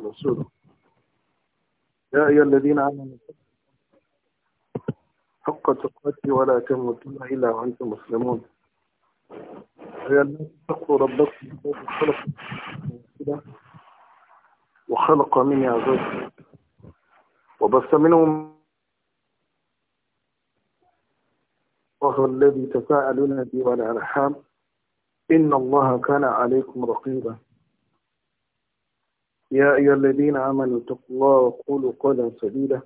ورسوله يا أيها الذين آمنوا حق تقاتي ولا تموتن إلا وأنتم مسلمون يا الناس اتقوا ربكم الذي خلق وخلق مني زوجها وبث منهم وهو الذي تساءلون به والأرحام إن الله كان عليكم رقيبا يا أيها الذين آمنوا اتقوا الله وقولوا قولا سديدا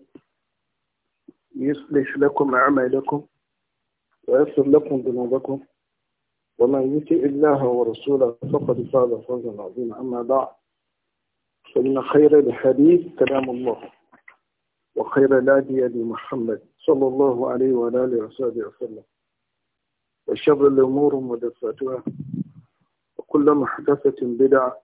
يصلح لكم أعمالكم ويغفر لكم ذنوبكم ومن يطع الله ورسوله فقد فاز فوزا عظيما أما بعد فإن خير الحديث كلام الله وخير الهدي هدي محمد صلى الله عليه وعلى آله وصحبه وسلم وشر الأمور محدثاتها وكل محدثة بدعة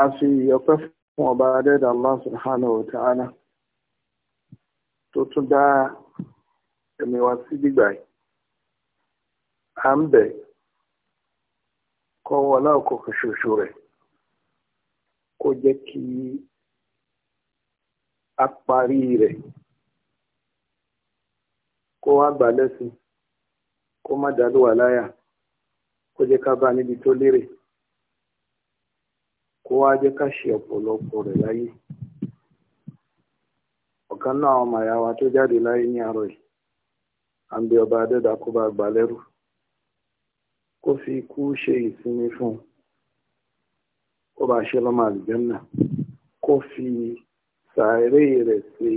a fi ọpẹ́ fún ọba adẹ́dà Allah subhanahu wa ta'ala tó tún dá ẹ̀mí wa sí gbígbà yìí à ń bẹ̀ kọ́ wọlá ọkọ̀ọ̀kan ṣoṣo rẹ̀ kó jẹ́ kí a parí rẹ̀ kó wá gbà lẹ́sìn kó má dàlú wà láyà kó jẹ́ ká bá níbi tó lérè. kó wá jẹ́ ká ṣe ọ̀pọ̀lọpọ̀ rẹ̀ láyé ọ̀kan náà àwọn tó jáde láyé ní àárọ̀ yìí à ń bẹ ọba adẹ́dà kó bá gbà lẹ́rù kó fi ikú ṣe ìsinmi fún un kó bá ṣe lọ́mọ àlùjànnà kó fi sàárè rẹ̀ ṣe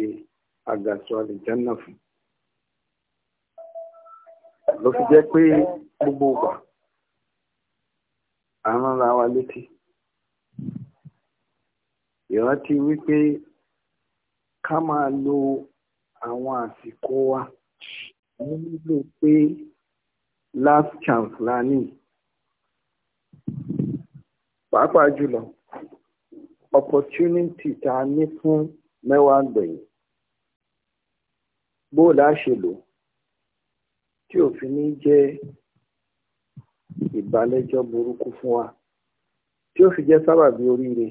àgàsọ àlùjànnà fún un ló fi jẹ́ ìrántí wípé ká máa lo àwọn àsìkò wa nílò pé last chance la ní pàápàá jùlọ opportunity tá a ní fún mẹ́wàá gbẹ̀yìn bó la ṣe lò tí òfin ní jẹ́ ìbálẹ́jọ́ burúkú fún wa tí ó fi jẹ́ sábàbí oríire.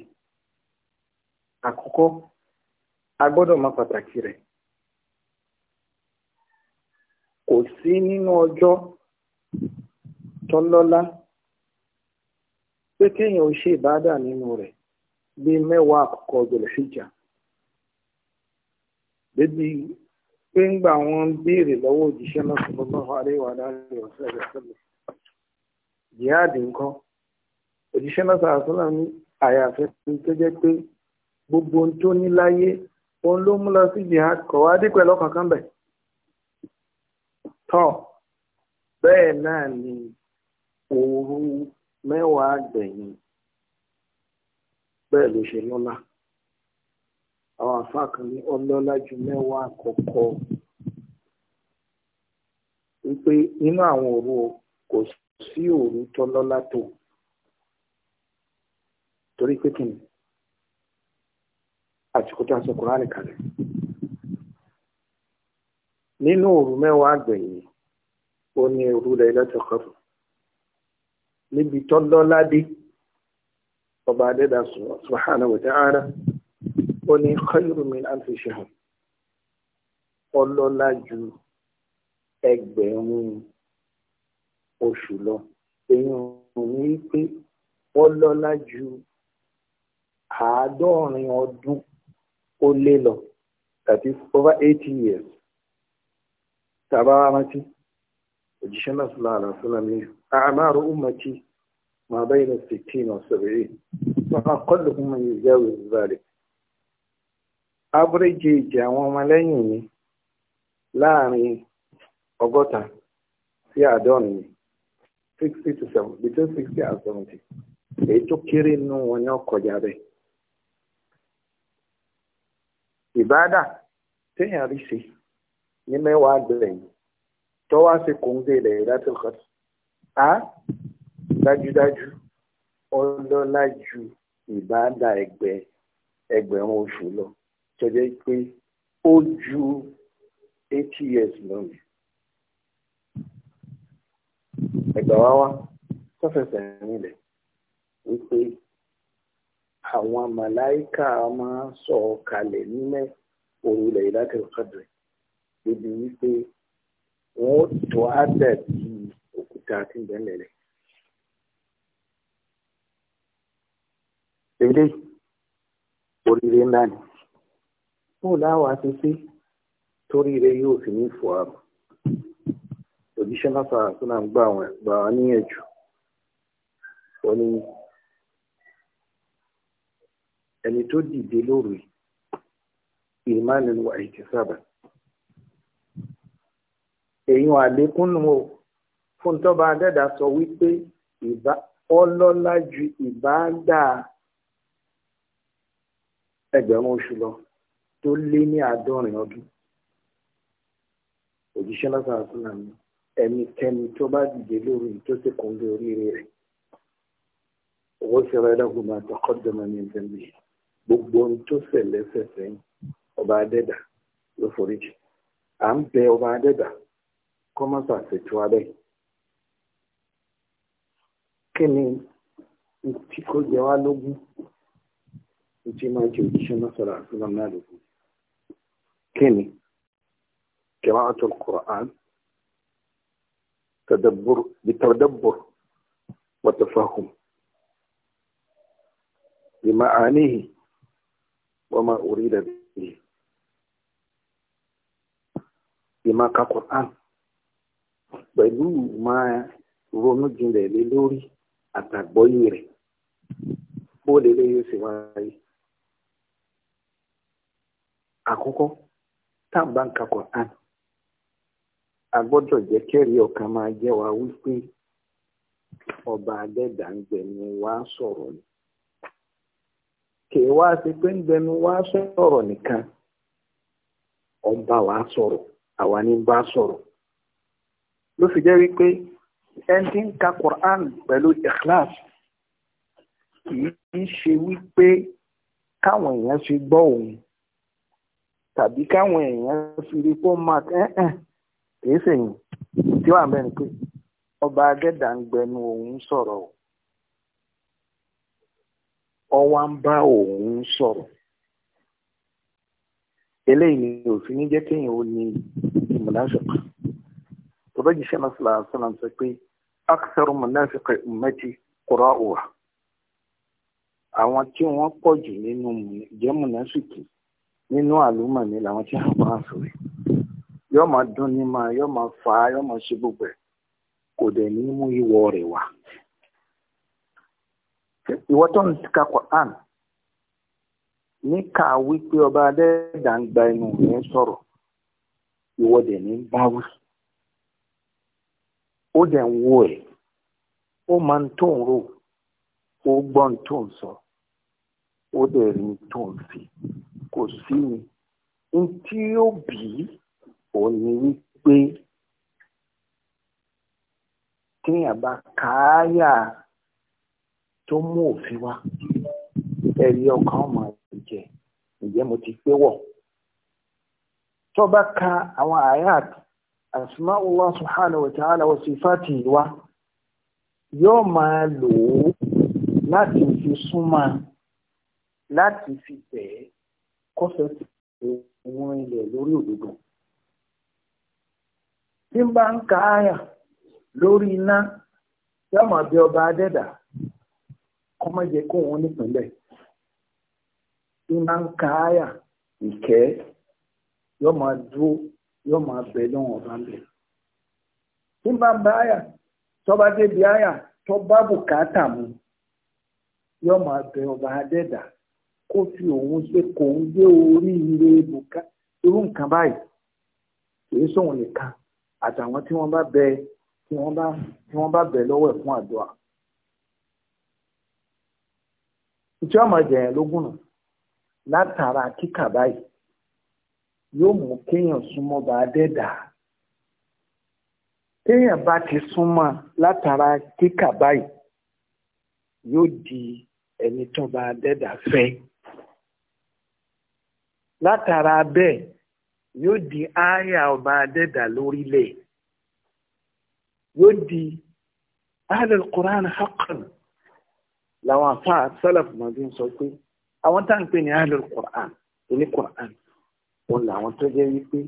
Akụkọ, agbọdọ ma pataki rẹ, rẹ̀ kò sí nínú ọjọ́ tọ́lọ́lá pé kéèyàn ò ṣe ìbádà nínú rẹ̀ bíi mẹ́wàá àkọ́kọ́ Dhul-Hijjah pé ń gbà wọ́n béèrè lọ́wọ́ òjíṣẹ́ náà ọsọ ebe wa jihad nǹkan òjíṣẹ́ náà sallallahu ní àyàfẹ́ tó jẹ́ pé gbogbo ohun tó ní láyé òun ló mú lọ sí jihad kọ̀ wá dípẹ́ lọ́kànkán bẹ̀. tọ́ bẹ́ẹ̀ náà ni òru mẹ́wàá gbẹ̀yìn bẹ́ẹ̀ ló ṣe lọ́lá àwọn àfáà kan ní ọlọ́lá ju mẹ́wàá àkọ́kọ́ wípé nínú àwọn òru kò sí òru tọ́lọ́lá tó torí pé kìnnìkan àsìkò tó ń sọ kùránì kalẹ̀ nínú òru mẹ́wàá àgbẹ̀yìn ó ní òru Laylatul Qadr níbi tọ́lọ́ládé ọba adẹ́dà subhanahu wa ta'ala ó ní khayru min alfi shahr ọlọ́lá ju ẹgbẹ̀rún oṣù lọ èèyàn ò ní pé ọlọ́lá ju àádọ́rin ọdún ó lé lọ that is over eighty years tá a bá wá rántí òjíṣẹ́ náà sọ̀rọ̀ àrà sọ̀rọ̀ mi àmàrò na ma bayna sittin wa sab'in wa aqalluhum man yujawiz dhalik average age àwọn ọmọlẹ́yìn mi láàrin ọgọ́ta sí àádọ́rin ni sixty to seventy between sixty and seventy èyí tó kéré nínú wọn ni kọjá ìbáàdà téèyàn rí ṣe ní mẹ́wàá gbẹ̀yìn tó wá sí kòńgé ilẹ̀ ìdájọ́ kan á dájúdájú ọlọ́lá ju ìbáàdà ẹgbẹ́ ẹgbẹ̀rún oṣù lọ tó jẹ́ pé ó ju eighty years lọ ni ẹgbàá wá wá tó fẹsẹ̀ nílẹ̀ wípé àwọn màláìkà máa sọ̀kalẹ̀ nílẹ̀ òru Lailatul Qadr débi wípé wọn ó tó àdàbí òkúta tí ń bẹ́ẹ̀ lẹ̀lẹ̀. èdè oríire ńlá ni mo láwàá ti sí torí rẹ yóò fi ní fò àrùn òjíṣẹ́ náà sọ̀rọ̀ tó náà gbà wọ́n ní ẹ̀jù ó ní ẹni tó dìde lóru ìmánan wa ihtisaban èyàn àlékún nù o fún tọ́ba adẹ́dà sọ wípé ọlọ́lá ju ìbáàdà ẹgbẹ̀rún oṣù lọ tó lé ní àádọ́rin ọdún òjíṣẹ́ lọ́sàn-án sílẹ̀ mi ẹnikẹ́ni tó bá dìde lórí tó sì kún lórí rẹ̀ owó ṣẹlẹ̀ lọ́gùn máa ní ìfẹ́ mi gbogbo ohun tó ṣẹ̀ lẹ́sẹ̀ sẹ́yìn ọba adẹ́dà ló foríjì à ń bẹ ọba adẹ́dà kọ́mọ́sà ṣètò abẹ́ kí ni tí kò jẹ wá lógún tí máa jẹ òjíṣẹ́ náà sọ̀rọ̀ àti náà lógún kí ni قراءة القرآن تدبر بتدبر وتفهم بمعانيه وما أريد به ìmọ̀ ka Quran pẹ̀lú máa ronú jinlẹ̀ lé lórí àtàgbọ́yé rẹ̀ bó lélẹ̀ yóò sì wá rí. àkọ́kọ́ tá à ń bá ń ọkàn máa jẹ́ wa wípé ọba adẹ́dàá ń gbẹ̀mí wa ni kì í wá sí pé ń bẹnu wá sọ̀rọ̀ nìkan ó wa sọ̀rọ̀ àwa ní bá sọ̀rọ̀ ló fi jẹ́ wípé ẹni tí ń ka Quran pẹ̀lú ikhlas kì í ṣe wípé káwọn èèyàn fi gbọ́ òun tàbí káwọn èèyàn fi rí pó máa ẹ̀ẹ́n kì í ṣèyìn tí wàá mẹ́rin pé ọba agẹ́dà ń gbẹnu òun sọ̀rọ̀ o ọwá ń bá òun sọ̀rọ̀ eléyìí ni òfin ní jẹ́ kéèyàn ó ní ìmúláṣọ̀kà tọ́lá jíṣẹ́ náà sọ̀rọ̀ àṣàlà ń sọ pé akitẹ́rù mọ̀láṣọ̀kà ummati qura'uha àwọn tí wọ́n pọ̀ jù nínú jẹ́ mọ̀láṣọ̀kì nínú àlùmọ̀ ni làwọn tí wọ́n bá sọ̀rọ̀ yóò máa dún ní máa yóò máa fà á yóò máa ṣe gbogbo ẹ̀ kò dẹ̀ ní mú ìwọ rẹ̀ wá. iwọtọ ntika kwan ni ka wikpe ọba dị dangba inu ni nsọrọ iwọ dị ni mbawu o dị nwụọ ị o ma ntọ nro o gbọ ntọ nsọ o dịrị ntọ nsị ko si ni nti obi o ni wikpe tinyaba kaa tó mú òfin wá ẹ̀rí ọkàn ọmọ ìjẹ ǹjẹ́ mo ti pé wọ̀ tó bá ka àwọn ayat asma'ullah subhanahu wa ta'ala wa sifati wa yóò máa lò ó láti fi súnmọ́ láti fi bẹ̀ ẹ́ kọ́fẹ́ òun ilẹ̀ lórí òdodo tí ń bá ń ka àyà lórí iná yóò máa ọba adẹ́dàá kó má jẹ́ kó wọn nípìnlẹ̀ bí máa ń ka àyà ìkẹ́ yóò máa dúró yóò máa bẹ lọ́wọ́n ọba ń bẹ̀. bí máa bá àyà tọ́ba débi àyà tó bá bùkátà mu yóò máa bẹ ọba adẹ́dà kó fi òun ṣe kò ń gbé orí ilé bùká irú nǹkan báyìí kìí sóhun nìkan àtàwọn tí wọ́n bá bẹ tí wọ́n bá bẹ lọ́wọ́ ẹ̀ fún àdúrà. tí ọmọ jẹyàn lógún nù látara kíkà báyìí yóò mú kéèyàn súnmọ́ bá a dẹ́dà téèyàn bá ti súnmọ́ látara kíkà báyìí yóò di ẹni tó bá a dẹ́dà fẹ́ látara bẹ́ẹ̀ yóò di ááyà ọba adẹ́dà lórílẹ̀ yóò di ahlul Qur'an haqqan làwọn afa sálàfù máa fi ń sọ pé àwọn tá à ń pè ní àlọ́ Qur'an oní Qur'an òun làwọn tó jẹ́ wípé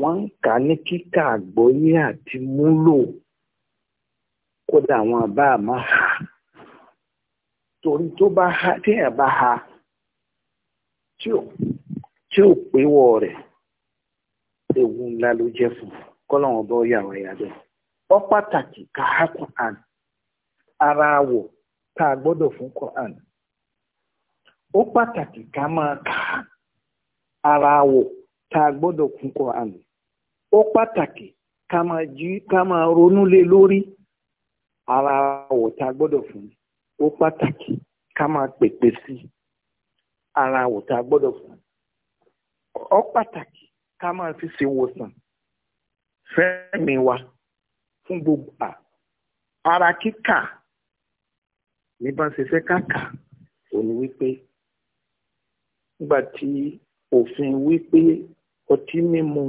wọ́n ń kà ní kíkà àgbọ́yé àti múlò kódà àwọn àbá àmọ́ ha torí tó bá ha téèyàn bá ha tí ò pé wọ rẹ̀ ewu ńlá ló jẹ́ fún kọ́lọ́wọ́n bọ́ yàwá yàgbẹ́ ọ pàtàkì ká ha Qur'an ara wọ̀ ta a fún Quran ó pàtàkì ká máa ka ara awọ ta a fún Quran ó pàtàkì ká máa jí ká máa ronú lé lórí ara awọ ta a fún ó pàtàkì ká máa pèpè sí ara awọ ta a fún ó pàtàkì ká máa fi ṣe wòsàn fẹ́mi wa fún gbogbo ara kíkà. ní bá ṣe fẹ́ kàkà ò ní wípé nígbà tí òfin wípé ọtí mímu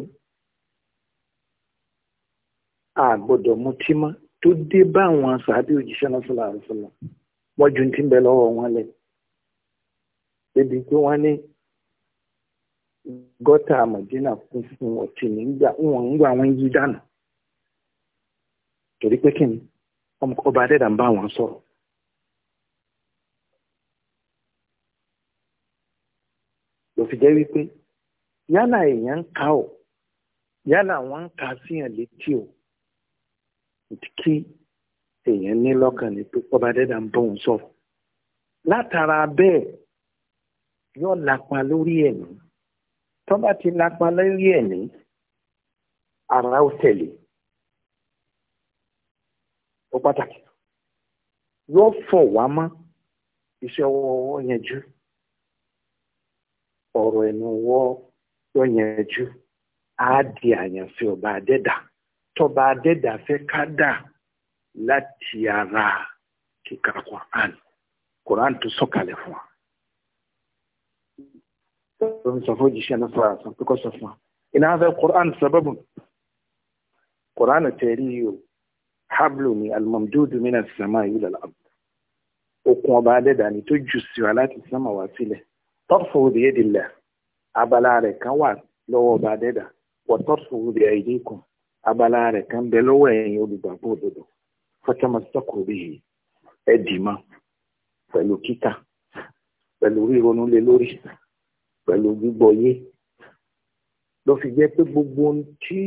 a gbọ́dọ̀ mutí mọ́ tó dé bá àwọn sàábì òjíṣẹ́ náà sọ̀rọ̀ àrùsọ̀rọ̀ wọ́n ju ti ń bẹ lọ́wọ́ wọn lẹ̀ débi pé wọ́n ní gọ́tà àmọ̀dínà kún fún ọtí nígbà wọn ń gbà wọn yí dànù torí pé kí ni ọba adẹ́dà ń bá wọn sọ̀rọ̀ fi jẹ́ wípé yálà èèyàn ń ka o yálà wọ́n ń ka síyàn létí o kí èèyàn ní lọ́kàn ní pé ọba dẹ́dà ń bóun sọ̀rọ̀ látara bẹ́ẹ̀ yóò lapa lórí ẹ̀mí tọ́ba ti lapa lórí ẹ̀mí ara ó tẹ̀lé ó pàtàkì yóò fọ̀ wá mọ́ iṣẹ́ ọwọ́ yẹn jù ọ̀rọ̀ ẹnu wọ́ yọ̀yànjú á di àyànfẹ́ ọba adẹ́dà tọba adẹ́dà fẹ́ ká dà láti ara kíkà Quran Quran tó sọ̀kalẹ̀ fún wa. Ó ń sọ fún òjíṣẹ́ náà sọ̀rọ̀ àṣà kíkọ́ sọ fún wa. Iná fẹ́ Quran sababun. Quran tẹ̀rí o. Hablu ni al-mamdudu minas samai ila al-ard. Okùn ọba adẹ́dà ni tó jù sí wa láti sánmà wá sílẹ̀ tọ́fù bìyẹ́dìlẹ̀ abala rẹ̀ kan wà lọ́wọ́ ọba dẹ́dà wọ́n tọ́fù bìyẹ́dìkùn abala rẹ̀ kan bẹ lọ́wọ́ ẹ̀yin olùgbàgbọ́ òdodo fọ́tẹ́mọ́sọ́kù bíi ẹ̀dìmọ́ pẹ̀lú kíkà pẹ̀lú ríronú lé lórí pẹ̀lú gbígbọ́yé ló fi jẹ́ pé gbogbo ohun tí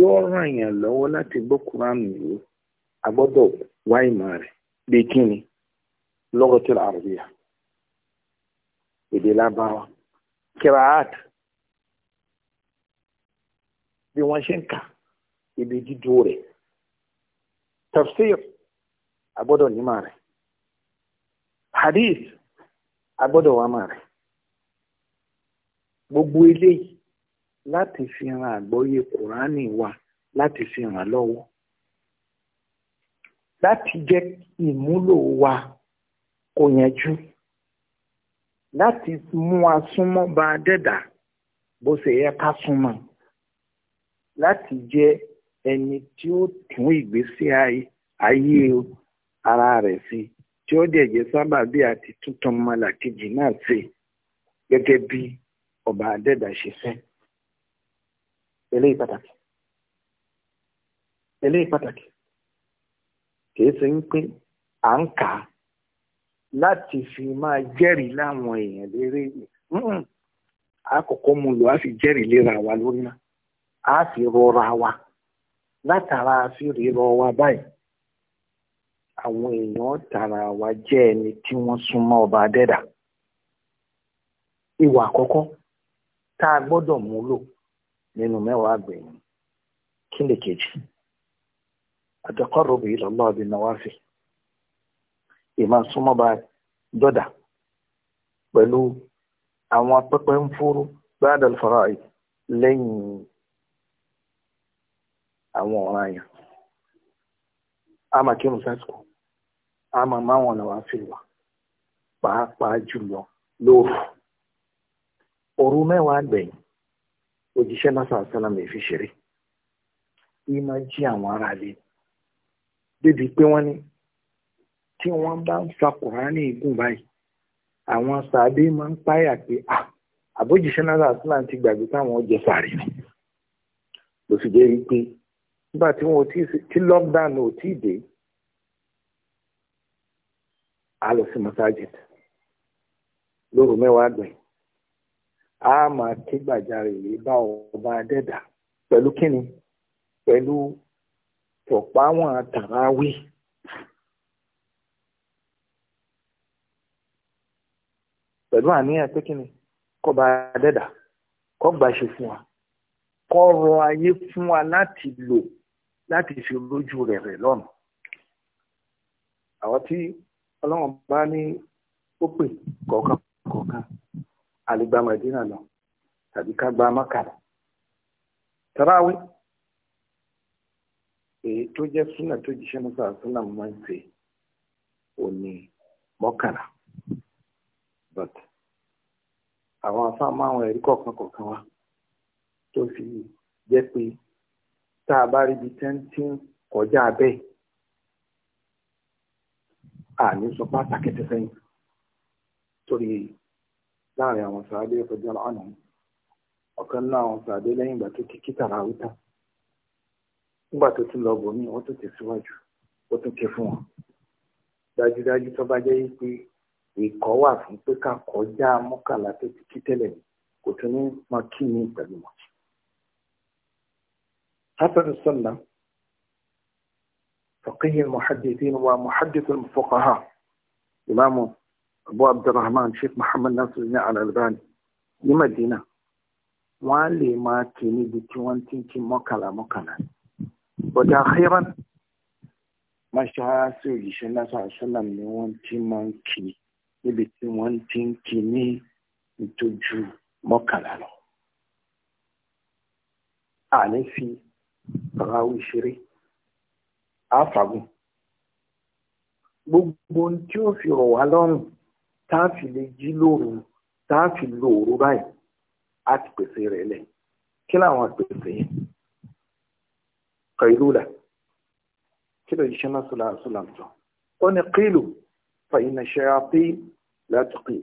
yóò ràn yàn lọ́wọ́ láti gbọ́ Kùránì yìí a wá ìmọ̀ rẹ̀ bí kíni lọ́gọ́tìlá àrùbíyà èdè lábáwá kiraat bí wọ́n ṣe ń kà ibi dídú rẹ̀ tafsir agbọ́dọ̀ nímà rẹ̀ hadith agbọ́dọ̀ wà mà rẹ̀ gbogbo eléyìí láti fi hàn àgbọ́yé kùránì wa láti fi hàn lọ́wọ́ láti jẹ́ ìmúlò wa kò yanjú. láti mú wa súnmọ́ bá a dẹ́dà bó ṣe yẹ ká súnmọ́ láti jẹ́ ẹni tí ó tún ìgbésí ayé ara rẹ̀ sí tí ó dẹ̀ jẹ́ sábàbí àti tuntun mọ́làkejì náà ṣe gẹ́gẹ́ bí ọba adẹ́dà ṣe fẹ́. eléyìí pàtàkì eléyìí pàtàkì kìí ṣe ń pín à ń kà á láti fi máa jẹ́rìí láwọn èèyàn lérè àkọ́kọ́ mu lò á fi jẹ́rìí léra wa lórí náà á fi rọra wa látara fi rírọ wa báyìí àwọn èèyàn tara wa jẹ́ ẹni tí wọ́n súnmọ́ ọba adẹ́dà ìwà àkọ́kọ́ tá a gbọ́dọ̀ múlò nínú mẹ́wàá àgbẹ̀yìn kí kejì ìmọ̀ súnmọ́ba jọ́dà pẹ̀lú àwọn pẹpẹ ń fúru gbádàl faraì lẹ́yìn àwọn ọ̀ràn àyàn àmà kírun sásìkò àmà máwọn ọ̀nà wàá fi wà pàápàá jùlọ lóru òru mẹ́wàá gbẹ̀yìn òjíṣẹ́ náà sàásánà mi fi ṣeré ìmọ̀ jí àwọn ará lé débi pé wọ́n ní tí wọ́n bá ń fa kùránì gùn báyìí àwọn sàbí máa ń páyà pé àbójìṣẹ́ náírà aslan ti gbàgbé táwọn jẹ sàárì ni ló fi jẹ́ wípé nígbà tí wọn ò tí tí lockdown ò tí dé a lọ sí masajid lóru mẹ́wàá gbẹ̀ a máa ké gbàjarè yìí bá ọba adẹ́dà pẹ̀lú kíni pẹ̀lú tọ̀páwọn tàràwí. pẹ̀lú àníyàn pé kí ni kọba adẹ́dà kọgbà ṣe fún wa kọrọ ayé fún wa láti lò láti fi lójú rẹ̀ rẹ̀ lọ́nà àwọn tí ọlọ́run bá ní ó pè kọ̀ọ̀kan kọ̀ọ̀kan àlìgbà mẹ̀dínà lọ tàbí ká gba mákàlà tàràwí èyí tó jẹ́ súnà tó jíṣẹ́ mọ́sàásùnà máa ń ṣe òní mọ́kànlá. but àwọn afáàmù àwọn ẹ̀rí kọ̀ọ̀kan kọ̀ọ̀kan wa tó fi jẹ́ pé tá a bá ríbi tẹ́ kọjá bẹ́ẹ̀ àní sọ pàtàkì tẹ́fẹ́ torí láàrin àwọn sàádé ọ̀fẹ́jọ́ ọ̀nà ọ̀kan náà àwọn sàádé lẹ́yìn ìgbà tó wíta nígbà tó lọ bò mí wọ́n tún tẹ̀síwájú ó tún ké ìkọ́ wà fún pé ká kọjá mọ́kànlá tó ti kí tẹ́lẹ̀ ní kò tún ní máa kí ní pẹ̀lú wọn. حسن السنة فقيه المحدثين ومحدث الفقهاء إمام أبو عبد الرحمن شيخ محمد ناصر بن الألباني ní Madina wọ́n á lè máa kí níbi tí wọ́n ti ń kí mọ́kànlá mọ́kànlá bọ̀dà àkíyàn máṣááṣí òyìṣẹ́ náà sàṣọ́nà ni wọ́n ti máa ń kí níbi tí wọ́n ti ń kí ní ìtọ́jú mọ́kànlá lọ. àní fi ràwí ṣeré àfàgùn gbogbo ohun tí ó fi rọ̀ wá lọ́rùn tá a fi lè jí lóru tá a fi lo òru báyìí á ti pèsè rẹ̀ lẹ̀ kí làwọn àpèsè yẹn qailula kí ló yìí ṣe náà sọlá àṣọlá àjọ ó ní kílù fa inna shayatin látùkì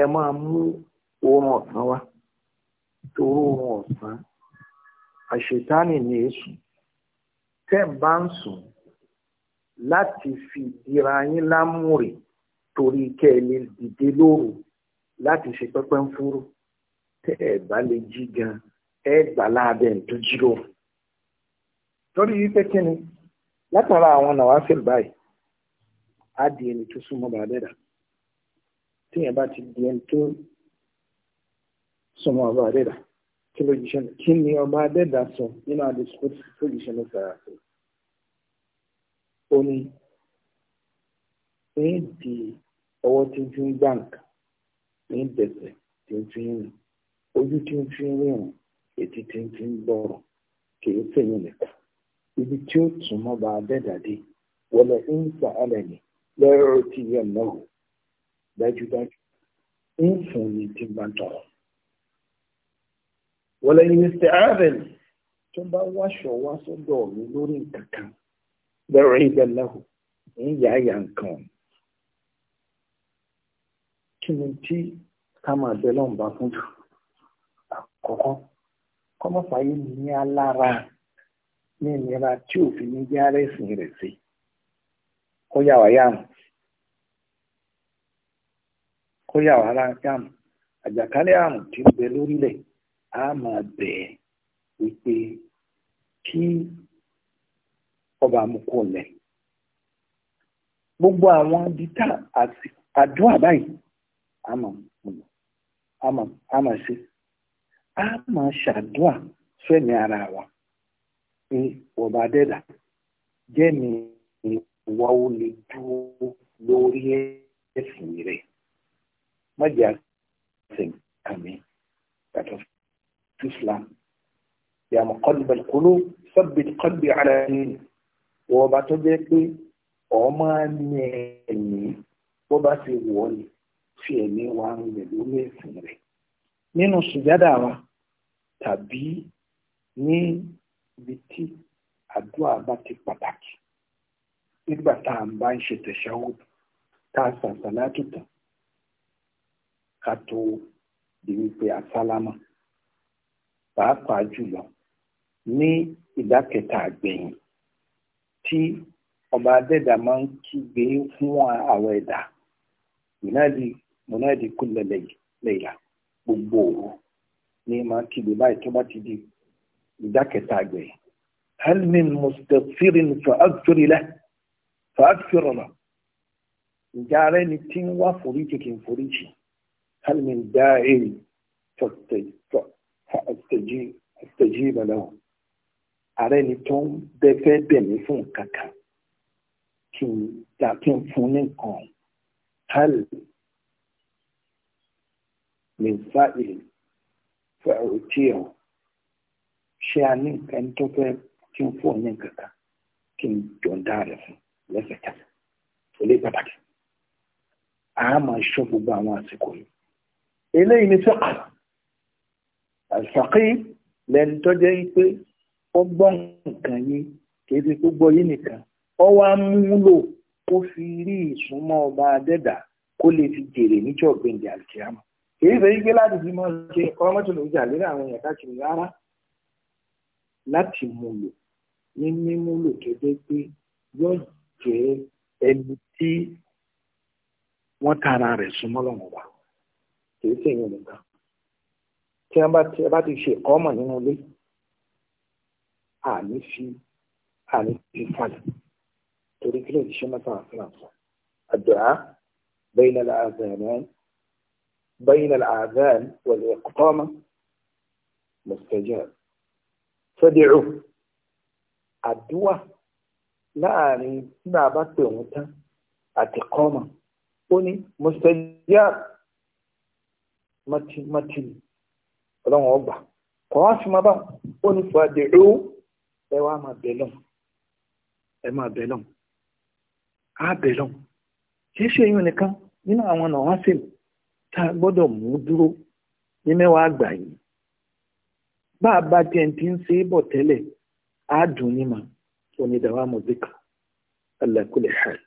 ẹ máa mú oorun ọ̀sán wá torí oorun ọ̀sán àṣetánì ni èsù tẹ́ ń bá ń sùn láti fi dira yín lámúrè torí kẹ́ ẹ lè dìde lóru láti ṣe pẹ́pẹ́ ń fúrú tẹ́ ẹ bá lè jí gan ẹ gbà láàbẹ̀ ń torí wípé kí ni látara àwọn nàwáfẹ́ báyìí á di ẹni tó súnmọ́ bàbá dà téèyàn bá ti di ẹni tó sọmọ ọba adẹ́dà kí ló jíṣẹ́ náà kí ni ọba adẹ́dà sọ nínú àdìsíkò tó jíṣẹ́ náà sára sí ó ní ní di ọwọ́ tí ń fi ń gbà nǹkan ní bẹ̀sẹ̀ tí ń fi ń rìn ojú tí ń fi ń rìn ètí tí ń fi ń gbọ́rọ̀ kìí sẹ́yìn nìkan ibi tí ó tún mọ́ bá dé wọlé ń sàálẹ̀ ní lẹ́rọ̀ tí yẹn náà dájúdájú ń fún ní tí bá ń tọrọ wọ́n lẹ́yìn mr aven tó bá wáṣọ wá sọ́dọ̀ mi lórí nǹkan kan bẹ̀rẹ̀ ìdẹ́láhùn ń yá ya nǹkan kí ni tí ká máa bẹ lọ́n bá fún jù àkọ́kọ́ kọ́mọ́fàáyé ní alára ní ìnira tí òfin ní kó yà wá ráńkì àmù àjàkálẹ̀ àrùn tí ń bẹ lórílẹ̀ á máa bẹ̀ ẹ́ wípé kí ọba àmukọ lẹ̀ gbogbo àwọn adìtà àti àdúrà báyìí á máa mú máa ṣe á máa ṣàdúrà fẹ́mi ara wa pé ọba adẹ́dà jẹ́mi ìwà ó lè dúró lórí ẹ̀sìn rẹ̀ mọ́jà sìn àmì yàtọ̀ islam ya muqallibal qulub sabbit qalbi ala dinik wọ́n bá tó jẹ́ pé ọmọ ní ẹ̀mí bó bá ti wọ̀ ni fi ẹ̀mí wa ń lè lórí ẹ̀sìn rẹ̀ nínú sùjádà wa tàbí ní ibi tí àdúrà ti pàtàkì nígbà tá à ń bá ṣe tẹ̀síọ́wọ́ tá a sàṣàlá tó ká tó di wípé asálámà pàápàá jùlọ ní ìdákẹ́ta àgbẹ̀yìn tí ọba adẹ́dà máa ń kígbe fún àwọn ẹ̀dá ìnádi mọ̀nàdì kúlẹ̀ lẹ́yà gbogbo òru ní máa kígbe báyìí tó bá ti di ìdákẹ́ta àgbẹ̀yìn. hal min mustaghfirin fa'aghfir lahu fa'aghfir ìjà rẹ ni tí ń wá foríjì kì í foríjì. هل من داعي فاستجيب له ààrẹ ni tó ń bẹ fẹ́ bẹ̀ mí fún kankan kí n dà kí n fún ní nǹkan hal min sa'il fa'utiyo ṣé a ní nǹkan tó fẹ́ kí n fún ní kankan kí n jọ ń dá rẹ̀ fún lẹ́sẹ̀kẹsẹ̀ ó lé pàtàkì a máa ṣọ́ gbogbo àwọn àsìkò yìí eléyìí ni fẹ́kà àṣàkí lẹ́ni tó jẹ́ pé ó gbọ́ nǹkan yìí kìí fi tó gbọ́ yìí nìkan ó wá múlò kó fi rí ìsúnmọ́ ọba adẹ́dà kó lè fi jèrè níjọ́ gbẹ̀ǹdẹ̀ àlùkìyàmọ̀ kìí fẹ́ gbé láti fi máa ṣe ẹ̀kọ́ mọ́tòló ìjà lórí àwọn èèyàn káàkiri rárá láti múlò ní mímúlò kéde pé yóò jẹ́ ẹni tí wọ́n tara rẹ̀ súnmọ́ lọ́wọ́ wa kì í ṣèyàn nìkan tí wọ́n bá tí wọ́n bá ti ṣe ìkọ́mọ̀ nínú ilé àní fi àní fi falẹ̀ torí kí ló ti ṣe mọ́tàn àfúnàfún àdúrà bẹ́yìn àlàáfẹ́ بين الآذان والإقامة مستجاب فدعوا àdúà láàrin nígbà bá pè wọ́n tán àti kọ́mọ̀ ó ní mustajab mọ́tìmọ́tìmì ọlọ́run ọgbà kọ́ wá sí máa bá ó ní fún adèrè ó ẹ wá máa bẹ̀ lọ́n ẹ máa bẹ̀ lọ́n á bẹ̀ lọ́n kì í ṣe eyín nìkan nínú àwọn ọ̀nà wọn sì tá a gbọ́dọ̀ mú dúró ní mẹ́wàá àgbà yìí bá a bá tiẹ̀ ti ń ṣe é bọ̀ tẹ́lẹ̀ á dùn ní ma onídàáwá mọ̀síkà ala kulli hal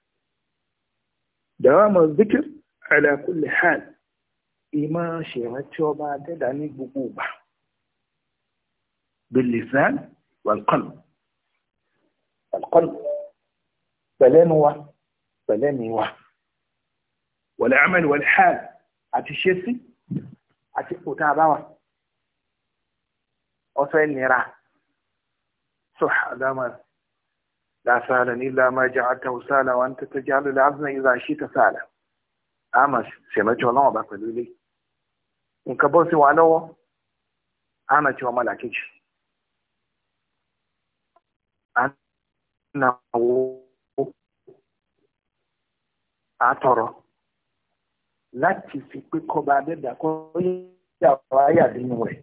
dàwa mọ̀síkà ala kulli hal ìmọ̀ ṣèrántí ọba adẹ́dà ní gbogbo ìgbà bilisan walqalb walqalb pẹ̀lẹ́nu wa pẹ̀lẹ́mi wa wal amal wal hal àti ṣe sí àti kòtà àbáwà ọ̀fẹ́ nira sọ̀hàdámà la sahla illa ma ja'altahu sahla wa anta taj'alu al-hazna idha àmà ṣèrántí ọlọ́wọ́ bá pẹ̀lú eléyìí nǹkan bọ́ sí wa lọ́wọ́ á nà tí ọmọ làkejì á nà wò ó á tọrọ láti fi pé kọba adẹ́dà kọ́ yíyá ayà nínú rẹ̀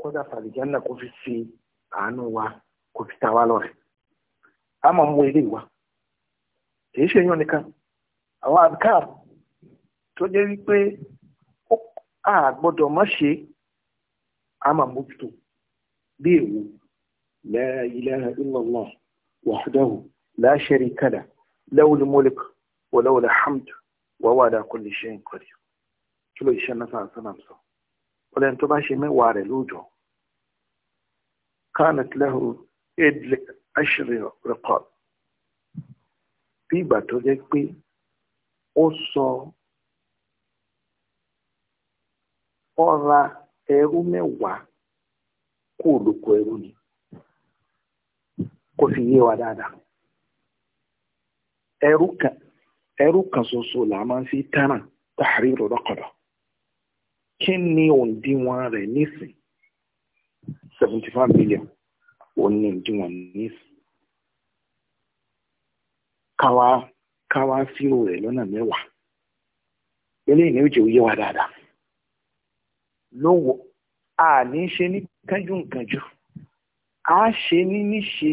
kódà fàlìjánà kó fi fi àánú wa kó fi ta wá lọ́rẹ̀ á mọ̀ mú ilé wa kì í ṣe yán nìkan àwọn àbíkà tó jẹ́ wípé a gbọ́dọ̀ má ṣe a máa mójútó bí èwo la ilaha illallah wahdahu la sharika lah lahul mulk wa lahul hamd wa huwa ala kulli shay'in qadir kí ló iṣẹ́ náà sáà sọ́nà sọ ọlẹ́ni tó bá ṣe mẹ́wàá rẹ̀ lóòjọ́ kanat lahu idli ashri riqab bí ìgbà tó jẹ́ pé ó sọ ó ra ẹrú mẹ́wàá kó olùkọ ni fi yé wa dáadáa ẹrú kan ẹrú kan ṣoṣo là máa fi tánà tààrí rọ̀dọ̀kọ̀dọ̀ kí ni òǹdíwọ̀n rẹ nísìn seventy five million òun ni nísìn káwa káwa fírò rẹ̀ lọ́nà mẹ́wàá eléyìí ni ó lówó a ní ṣe ní kánjú nkánjú a ṣe ní níṣe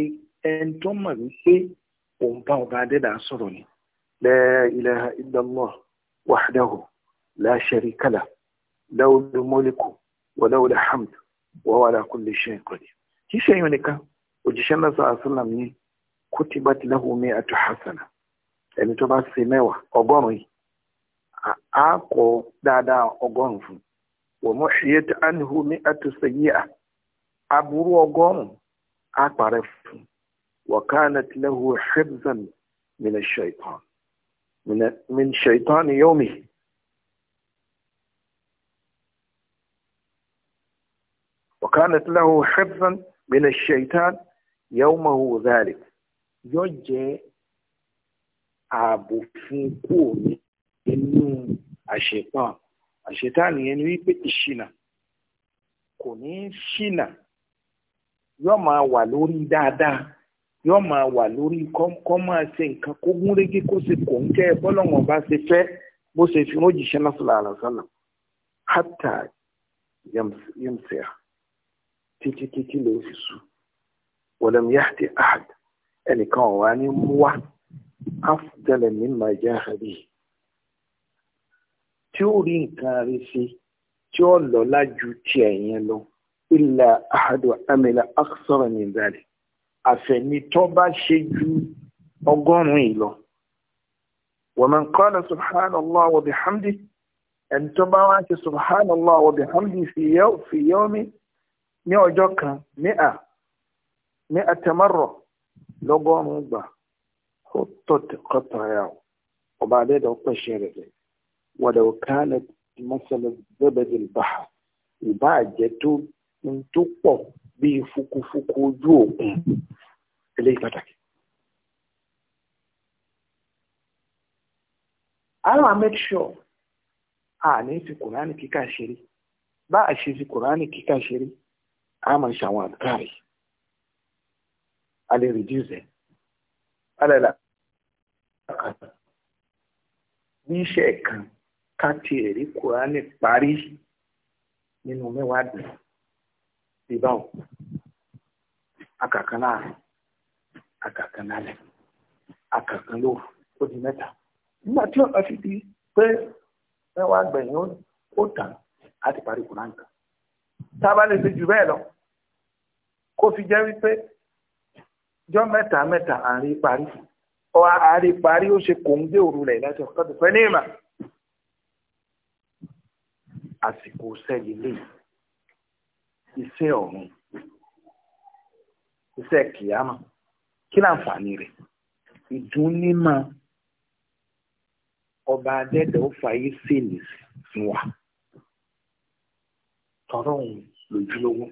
ẹni tó mọ̀ wípé òun bá ọba adẹ́dà sọ̀rọ̀ ni la ilaha illallah wahdahu la sharika lah lahul mulku wa lahul hamdu wa huwa ala kulli shay'in qadir kì í ṣe èèyàn nìkan òjíṣẹ́ náà sọ àṣìlám ní kutibat lahu mi'atu hasana ẹni tó bá ṣe mẹ́wàá ọgọ́rùn-ún yìí a kọ dáadáa ọgọ́rùn-ún fún un ومحيت عنه مئة سيئة أبو وقوم أعرف وكانت له حفظا من الشيطان من من شيطان يومه وكانت له حفظا من الشيطان يومه ذلك يجى أبو فنكو الشيطان àṣetáàní yẹn ni wípé ìṣìnà kò ní ṣìnà yóò máa wà lórí dáadáa yóò máa wà lórí kọ́ máa ṣe nǹkan kó gún régé kó ṣe kò ń kẹ́ bọ́lọ́wọ́n bá ṣe fẹ́ bó ṣe fi wọ́n jìṣẹ́ náà sọ̀rọ̀ àlàsánà hátà yẹmsẹ̀ títí títí ló fi sùn wọlé mi yáàtì àhàd ẹnìkan ọ̀wá ni mú wá áfùdẹ́lẹ̀ mi máa jẹ́ àhàbí yìí tí ó rí nǹkan rí sí tí ó lọ lájú ti ẹ̀yẹn lọ illa ahadu amila aksara min zalik àfẹnitọ́ bá ṣe ju ọgọ́rùn-ún ìlọ. wa man qala subhanallah wa bihamdi ẹni tó bá wá ṣe subhanallah wa bihamdi fi yawmi ní ọjọ́ kan ní à ní àtẹmọ́rọ̀ lọ́gọ́rùn-ún gbà ó tọ́ kọ́tà yà ọba adẹ́dọ̀ pẹ̀ṣẹ̀ rẹ̀ lẹ́yìn. ولو كانت مثل زبد البحر ìbáàjẹ́ tó tó pọ̀ bíi fukufuku ojú òkun eléyìí pàtàkì. a máa make sure a ní fi kùránì kíkà ṣeré bá a ṣe fi kùránì kíkà ṣeré a máa ṣàwọn Kati ẹ̀rí kùránì parí nínú mẹ́wàá dùn bíbá ò akàkan láàrin akàkan lálẹ́ akàkan lóru ó di mẹ́ta nígbà tí ọ̀gá fi di pé mẹ́wàá gbẹ̀yìn ó tàn á ti parí kùránì kan tá a bá lè ṣe jù bẹ́ẹ̀ lọ kó fi jẹ́ wípé jọ́ mẹ́ta mẹ́ta àárín parí ọ̀ àárín parí ó ṣe kòńgé òru rẹ̀ lẹ́sọ̀ kọ́tù fẹ́ ní ìmọ̀ àsìkò sẹ́yìn lè iṣẹ́ ọ̀run iṣẹ́ kìámà kí láǹfààní rẹ̀ ìdúnnímọ̀ ọba adẹ́dẹ̀ ó fàyè sèlè fún wa tọrọ òun lójúlówó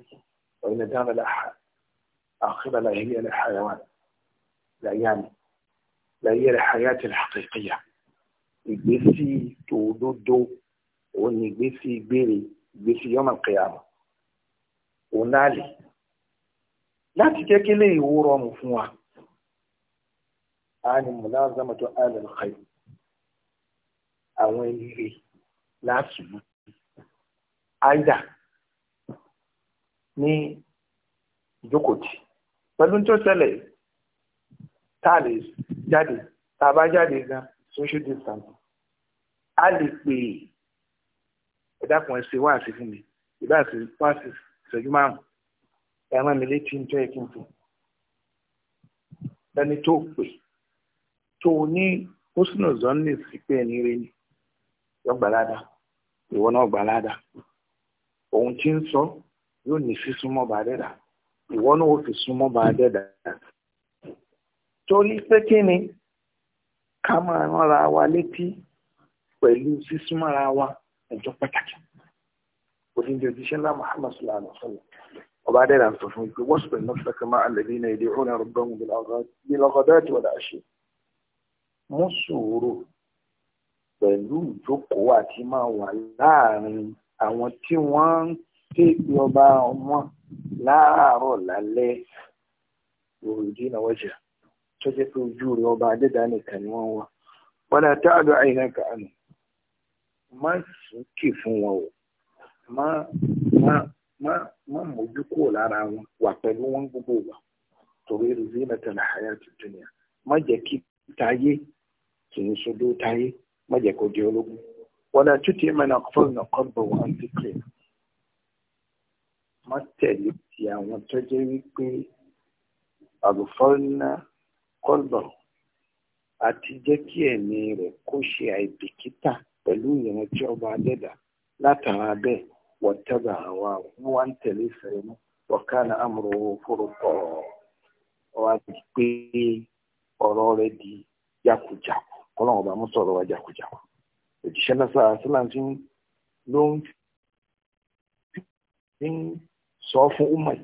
ọ̀yìn dáná láha àkírà láyé rẹ̀ hayáwá láyáni láyé rẹ̀ hayá ti àkẹ́kẹ́yà ìgbésí tòódódó òun ni ìgbésí gbére ìgbésí yọmọ kẹyàmọ òun náà lè láti jẹ́ kí lè ìwó rọrùn fún wa a ní mulazamatu alal khair àwọn ilé láti mú àìdá ní ìjókòtì pẹ̀lú tó ṣẹlẹ̀ tá a lè jáde tá a bá jáde gan social distance a lè pè é ẹ dákun ẹ ṣe wáàsí fún mi ìbá ṣe wáàsí ìṣẹ́jú márùn ẹ rán mi létí ń tọ́ ẹ kí n fún ẹni tó pè tó ní húsùnù zọ́nì sí pé ẹni rẹ ni yọ gbàládà ìwọ náà gbàládà ohun tí ń sọ yóò ní sísúnmọ́ bá dẹ́dà ìwọ náà ó fi súnmọ́ bá dẹ́dà torí pé kí ni ká máa rán ara wa létí pẹ̀lú sísúnmọ́ra wa ẹjọ́ pàtàkì òdìndí òjíṣẹ́ ńlá Muhammad sallallahu alaihi wa sallam ọba adẹ́rẹ́ àti sọ̀fún ìpè wọ́n sọ̀rọ̀ náà fẹ́kẹ́ máa lè dín èdè òun ẹ̀rọ bẹ́ẹ̀ bil ghadati wal ashi mú sùúrù pẹ̀lú ìjókòó àti máa wà láàrin àwọn tí wọ́n ń ké ọba wọn láàárọ̀ lálẹ́ òòjì náà jẹ́ tó jẹ́ pé ojú rẹ̀ ọba adẹ́dá nìkan ni wọ́n wà wọ́n dà tá àdó àyìnká àná má sókè fún wọn o má má má má mójú kúrò lára wọn wà pẹ̀lú wọn gbogbo wa torí zinatul hayatid dunya má jẹ́ kí táyé kì í sọdọ́ táyé má jẹ́ kó di ológun wala tuti man aghfalna qalbahu an dhikrina má tẹ̀lé ti àwọn tó jẹ́ wípé aghfalna qalbahu àti jẹ́ kí ẹ̀mí rẹ̀ kó ṣe àìbìkítà pẹ̀lú ìrántí ọba adẹ́dà látara bẹ́ẹ̀ wọ́tẹ́bà àwa wọ́n ń tẹ̀lé ìfẹ́ mú wọ́kànà àmúrò fúrúkọ ọba ti pé ọ̀rọ̀ rẹ̀ di ọba mú sọ̀rọ̀ wa jákujàku òjíṣẹ́ lọ́sà síláńtì ló ń fi ń sọ fún umar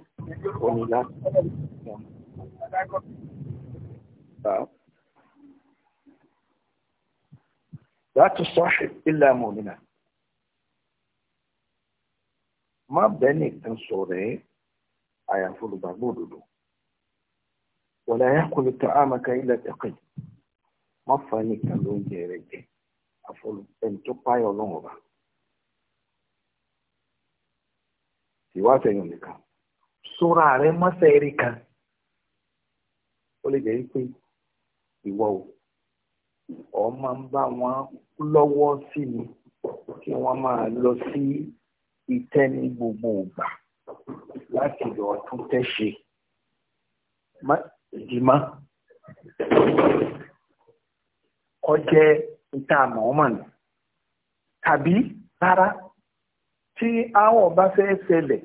la tusahib illa mu'mina má bẹ́ẹ̀ nìkan sọ̀rọ̀ ẹ́ àyàfi olùgbàgbọ́ òdodo wala yakulu ta'amaka illa taqi má fa nìkan ló ń jẹ rẹ jẹ àfọlùpẹ̀ni tó páyọ̀ ọlọ́run ọba ìwádìí nìkan sóra rẹ mọ́sẹ̀ rí kan ó lè jẹ́ pé ìwọ o ọ máa ń bá wọn lọ́wọ́ sí ni kí wọ́n máa lọ sí ìtẹ́ ní gbogbo ìgbà láti lọ tún tẹ́ ṣe ìdìmọ́ kọjẹ́ ìta àmọ́mọ́nì tàbí rárá tí àwọn ọba fẹ́ ṣẹlẹ̀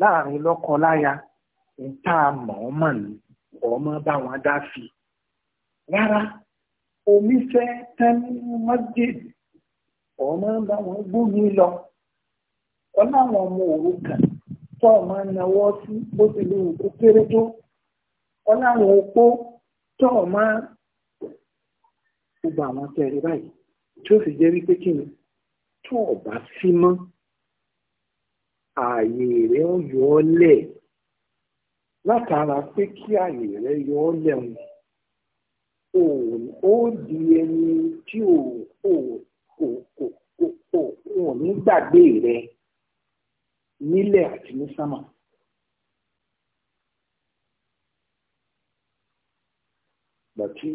láàrin lọ́kọ ìta àmọ́mọ́nì ọmọ bá wọn dá sí rárá omi fẹ́ tán nínú masjid òun máa gbómi lọ wọn ọmọ òrukàn tó o máa náwó sí bó ti lè wù kéré tó wọn opó tó o máa gbogbo àwọn tẹ̀rí báyìí tí ó sì jẹ́ wípé kí ni tó o bá sí mọ́ ààyè rẹ̀ ń yọ ọ́ lẹ̀ látara pé kí ààyè rẹ̀ yọ ọ́ lẹ̀ wọn o ò di ẹni tí o ò kò kò kò kò ò ní gbàgbé rẹ nílẹ̀ àti ní sámà. Bàtí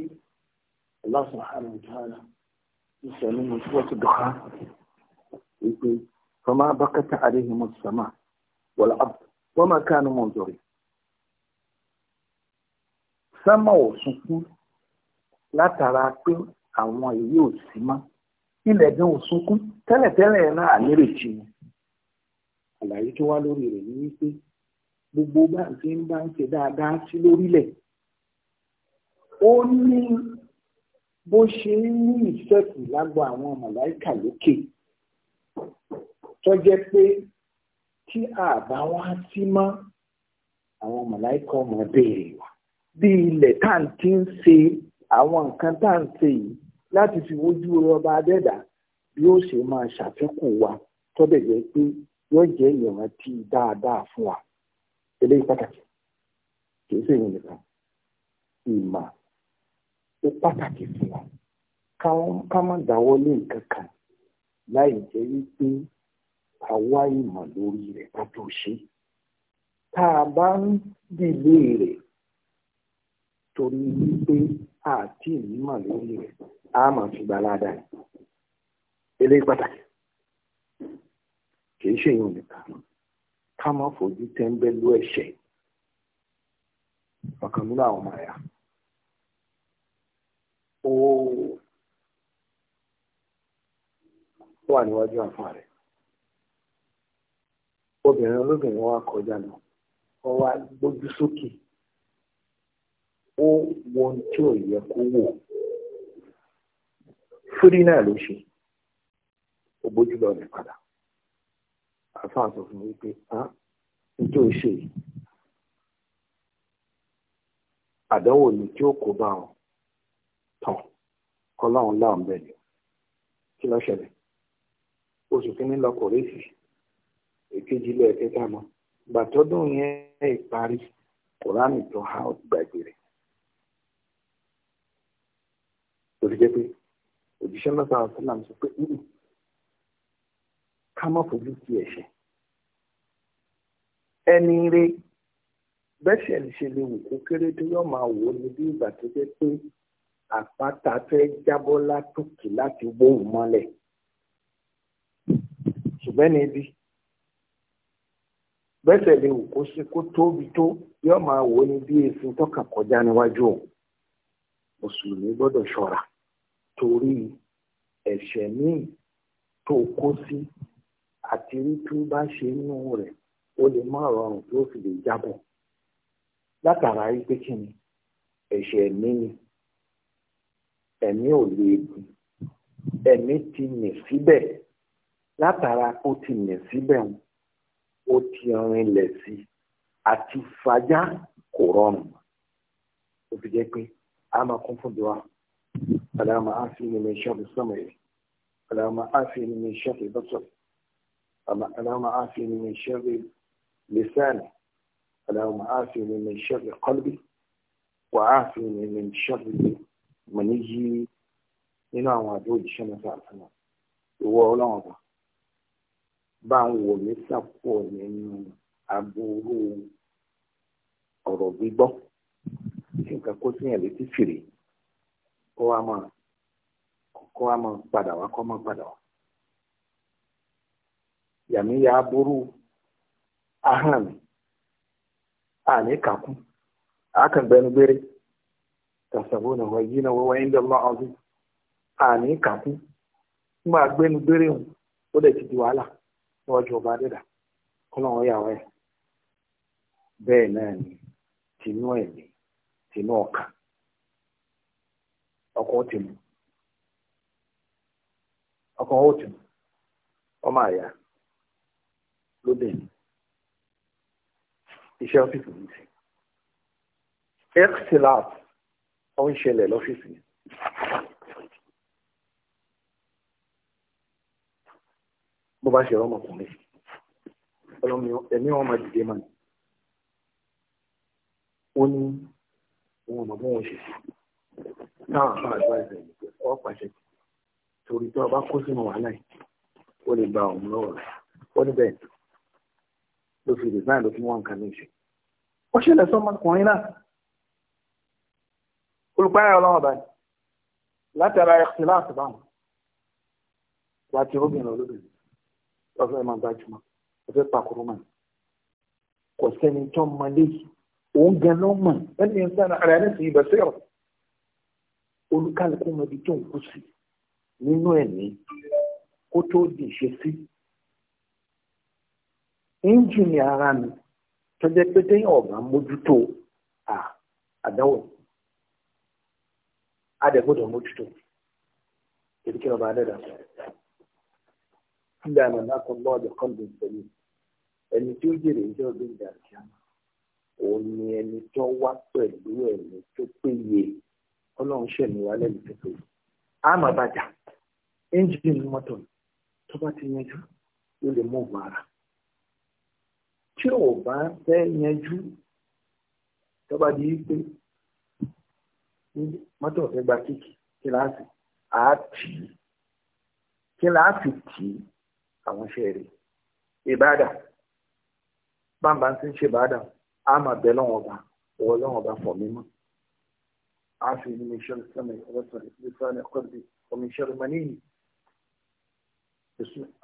Allah subhanahu wa ń sọ nínú tí wọ́n ti dọ̀ká wípé fama bákàtà àdéhìmọ̀ sàmà wọ̀lá wọ́n máa káàánú mọ̀ jọ̀rẹ̀. Sámà ò sunkún látara pé àwọn èyí ò sí mọ́ ilẹ̀ gan ò sunkún tẹ́lẹ̀tẹ́lẹ̀ náà nírètí ni àlàyé tó wá lórí rẹ̀ ni wípé gbogbo bá ń ṣe ń bá ń ṣe dáadáa sí lórílẹ̀ ó ní bó ṣe ń ní ìṣẹ́kù lágbo àwọn màláìkà lókè tó pé tí àbá wá sí mọ́ àwọn màláìkà ọmọ béèrè wa bí ilẹ̀ tá à ń ti ń ṣe àwọn nǹkan tá ń ṣe yìí láti fi wojú ọba adẹ́dà bí ó ṣe máa ṣàfikù wa tọ́bẹ̀ jẹ́ pé yóò jẹ́ ìrántí dáadáa fún wa eléyìí pàtàkì kìí ìmọ̀ ó pàtàkì fún wa ká má nǹkan kan láì jẹ́ wípé a ìmọ̀ lórí rẹ̀ ká tó ṣe tá a bá ń àti ìmọ̀ lórí rẹ̀ a máa fi gba aládà rẹ̀ eléyìí pàtàkì kìí ṣe èèyàn nìkan ká má fojú tẹ́ńbẹ́lú ẹ̀ṣẹ̀ ọ̀kan nínú àwọn ọmọ ẹ̀yà ó wà níwájú àfa rẹ̀ obìnrin olóbìnrin wa kọjá lọ wá o wo tí ò yẹ kó wò fúrí náà ló ṣe ó bójú lọ rẹ̀ padà àfáà sọ fún mi ṣe àdánwò tí ó kó bá ọ tán kọláhùn ni kí ló ṣẹlẹ̀ oṣù kínní lọkọ̀ rẹ́sì èkejì ilé ẹ̀kẹta mọ́ gbàtọ́dún tó há gbàgbé òjíṣẹ́ lọ́sàá àṣìlá sọ pé ká má fojú sí ẹ̀ṣẹ̀ ẹni rẹ bẹ́sẹ̀ ṣe lè wù kó kéré tó yọ máa wò ó ní bí ìgbà tó jẹ́ pé àpáta fẹ́ jábọ́ látòkè láti wóhùn mọ́lẹ̀ ṣùgbọ́n tóbi tó yọ máa wò ní bí èéfín tọ́ka kọjá níwájú òun gbọ́dọ̀ ṣọ́ra torí ẹ̀ṣẹ̀ míì tó kó sí àti rí tí ó bá ṣe inú rẹ̀ ó lè má rọrùn tí fi lè jábọ̀ látara pé kí ni ẹ̀ṣẹ̀ ẹ̀mí ni ẹ̀mí ò lè gùn ẹ̀mí ti nì síbẹ̀ látara ó ti nì síbẹ̀ wọn ó ti rinlẹ̀ sí àti fajá kò rọrùn ó fi jẹ́ pé a máa kún fún bí wa. اللهم عافني من شر سمعي اللهم عافني من شر بصري اللهم عافني من شر لساني اللهم عافني من شر قلبي وعافني من شر منيي nínú àwọn àdó òjíṣẹ́ náà sàfihàn ìwọ ọlọ́run ọba bá ń wò mí sàpọ̀ nínú aburú ọ̀rọ̀ gbígbọ́ nǹkan kó síyàn létí fìrì kó wa mọ̀ kó wa mọ̀ padà wá padà wá. ya burú àní kàkún àákàn tàṣàbó nà wọ́n nà na wọ́n ń ọdún àní kàkún nígbà gbẹnu gbére ó dẹ̀ ti di wàhálà níwájú ọba dídà kọ́lọ́wọ́n yà wáyà bẹ́ẹ̀ náà ọkọ̀ ó ti mú ọkọ̀ ó ti mú ọmọ àyà lóbìnrin iṣẹ́ ọ́fíìsì yìí sí xlab ó ń ṣẹlẹ̀ lọ́fíìsì yìí. bó bá ṣe ọmọkùnrin ẹ̀mí wọn máa dìde mọ́ ni ó ní ohun ọmọ bí wọn ṣe sí i táwọn àbá àdúrà yìí ọ pàṣẹ torí tó ọba kó sínú wàhálà yìí ó lè gba òun lọ́wọ́ rẹ̀ ó níbẹ̀ ló fi resign ló fi wọ́n nǹkan ní ìṣe. ó ṣẹlẹ̀ sọ́mọkùnrin náà olùpáyà ọlọ́wọ́ báyìí látara ẹ̀sìn láti báwọn láti obìnrin olóbìnrin ọ̀fẹ́ ẹ̀ máa gbajúmọ̀ ọ̀fẹ́ pàkúrú mọ̀ kò sẹ́ni tó mọ léyìí òun gan ló mọ̀ ẹni sára rẹ̀ ní ti ibẹ̀ sí ọ̀rọ̀ olúkálukú mọbi tó ń kú sí nínú ẹ̀mí kó tó di ìṣesí. ẹ́ńjìnì ara mi tó jẹ́ pé téèyàn ọ̀gá mójútó àdánwò adẹ̀gbọ́dọ̀ mójútó èdèké ọba adẹ́dà sọ. Ilé àmàlà kan lọ́ọ̀dọ̀ kan lè sẹ́yìn ẹni tí ó jèrè ìjọ ọdún ìdàkíá òun ni ẹni tó wá pẹ̀lú ẹ̀mí tó péye ọlọ́run ṣẹ̀mí wa lẹ́nu tètè àmọ́ bàjá ẹ́ńjìnì mọ́tò tó bá ti yanjú ló lè mú òun ara tí ò bá fẹ́ yanjú tó bá di pé mọ́tò ọ̀fẹ́ gba kíkì kíláàsì àti kíláàsì tí àwọn ṣe rí ìbádà bámbá ń ti ń ṣe ìbádà àmọ́ lọ́wọ́ ọba ọwọ́ ọba fọ̀ mímọ́. عافيه من شر السمع وبصري لساني قلبي ومن شر مني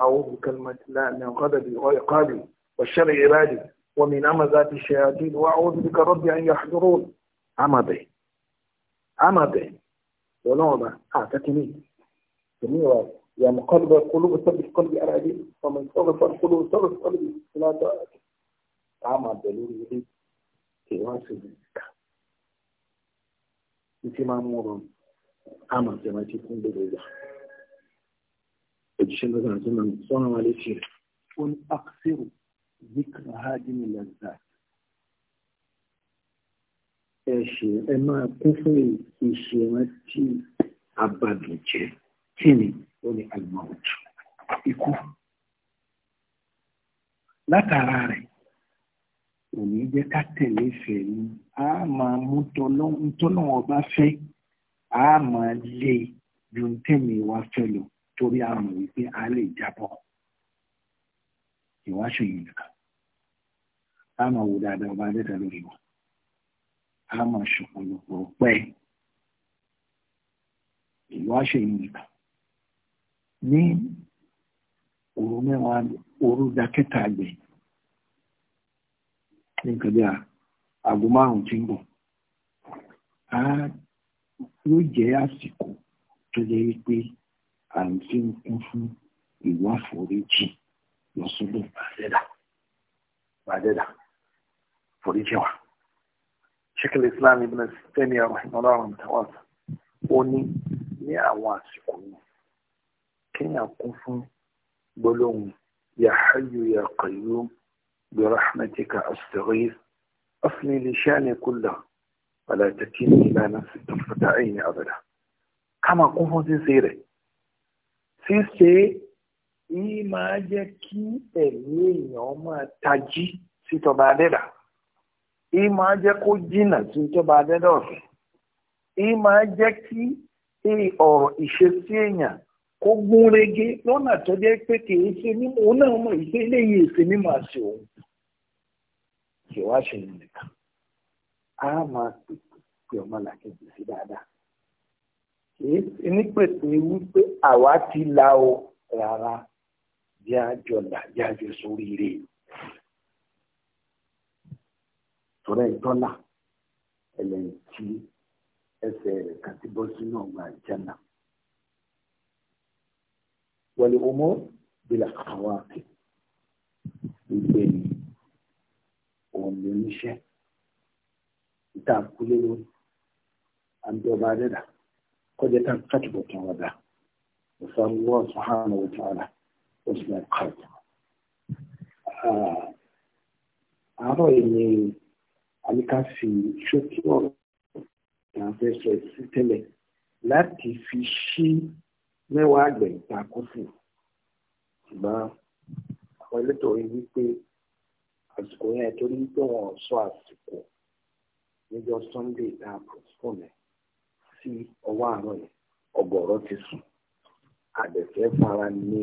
أعوذ بكلمة الله من غضبي وعقابي وشر عبادي ومن همزات الشياطين وأعوذ بك ربي أن يحضرون عمدي عمدي ونوضة أعتقني جميع يا مقلب القلوب ثبت قلبي على أبي ومن صرف القلوب ثبت قلبي لا تأتي عمد دليل يريد في واسع títí máa mú ọrọ̀ àmọ̀ tẹ̀mọ́ tí fún gbogbo ìgbà òjíṣẹ́ lọ́sàn àti mọ̀ sọ́nà wa létí rẹ̀ ó ní àkṣírò zikra hajjini lẹ́sà ẹ ṣe ẹ máa kún fún ìṣèrántí abàdùjẹ kí ni ó ní àgbà òjò ikú látara rẹ̀ kò ní jẹ́ ká tẹ̀lé ìfẹ́ ni a máa mú tọ́lọ́wọ́ bá fẹ́ a máa lé ju tẹ̀mí wa fẹ́ lọ torí a mọ̀ wípé a lè jábọ̀ ìwáṣọ yìí nìkan a máa wò dáadáa ọba adẹ́ta lórí wa a máa ṣọ̀pọ̀lọpọ̀ pẹ́ ìwáṣọ yìí nìkan ní òru mẹ́wàá òru dákẹ́ta gbẹ̀yìn. ní nǹkan bí aago márùn-ún tí ń bọ̀ á yóò jẹ́ àsìkò tó jẹ́ wípé à ń fi ń kún fún ìwà àforíjì lọ́sọ́dọ̀ bàdẹ́dà bàdẹ́dà foríjì wa. Sheikh Islam Ibn Taymiyyah rahimahullah tawasa ó ní ní àwọn àsìkò yìí kéèyàn kún fún gbólóhùn ya hayyu برحمتك أستغيث أصلي لشاني كله ولا تكلني إلى نفسي طرفة عيني أبدا كما قوم سيسيري síse yìí máa jẹ́ kí ẹ̀mí èèyàn máa tají sí tọba adẹ́dà yìí máa jẹ́ kó jìnnà sí tọba adẹ́dà ọ̀fẹ́ yìí máa jẹ́ kí ọ̀rọ̀ ìṣesí èèyàn kó gún régé lọ́nà tó jẹ́ pé kìí ṣe mímọ̀ òun náà mọ̀ ìpé eléyìí ṣe mímọ̀ àṣẹ òun kì wá ṣe yìí nìkan á máa pè ọmọ làkejì sí dáadáa kìí nípètè wípé àwa ti la o rárá bí a jọ là bí a jọ sórí rè tọ́lá ìtọ́lá ẹlẹ́yìn tí ẹsẹ̀ rẹ̀ kan bọ́ sínú ọgbà ìjánà wọlé ọmọ bílà àwọn àti gbogbo ẹni òun ló ń ṣe ìta àkúlé lórí àǹdọba dẹdà kọjá tá kàtìbọ tán wà dá ìfọwọ́ sọ̀hánà òtún àlà ó sì máa kà ọ̀tún. Ah, àárọ̀ ìní àyíká fi ṣókí ọ̀rọ̀ ìyànfẹ́ sọ ìsítẹ́lẹ̀ láti fi ṣí mẹ́wàá àgbẹ̀ ìta kó sí ṣùgbọ́n àwọn elétò rí wípé àsìkò yẹn torí pé wọn ò sọ àsìkò níjọ́ sunday náà postpone ẹ̀ sí ọwọ́ àárọ̀ yẹn ọgọ̀rọ̀ ti sùn àdẹ̀fẹ́ fara ní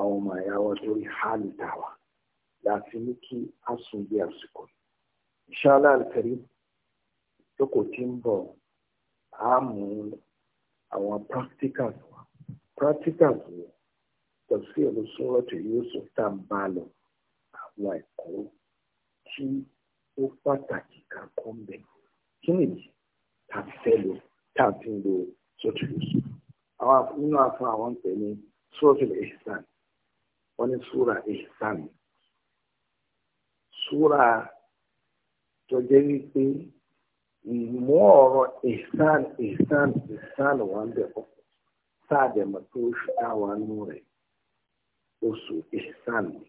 àwọn ọmọ ẹ̀yà wa torí hálì tàwa láti ní kí a sùn bí àsìkò inshallah al-karim jókòó tí ń bọ̀ á mú àwọn practicals practical ni tẹ̀sí ẹ̀rọ sọ́ọ̀tì Yusuf tá a bá lọ àwọn ẹ̀kọ́ tí ó pàtàkì kankan bẹ̀ kí nìyí tá a fẹ́ lọ tá a fi ń lo sọ́ọ̀tì Yusuf àwọn nínú afọ àwọn tẹ̀ ní sọ́ọ̀tì Ihsan wọ́n ní súra Ihsan súra tọ́jẹ́ wípé ìmú ọ̀rọ̀ Ihsan Ihsan Ihsan wà ń bẹ̀ ọ̀pọ̀ tá a dẹ̀ mọ̀ pé oṣù táwa nú rẹ̀ oṣù ihsan ni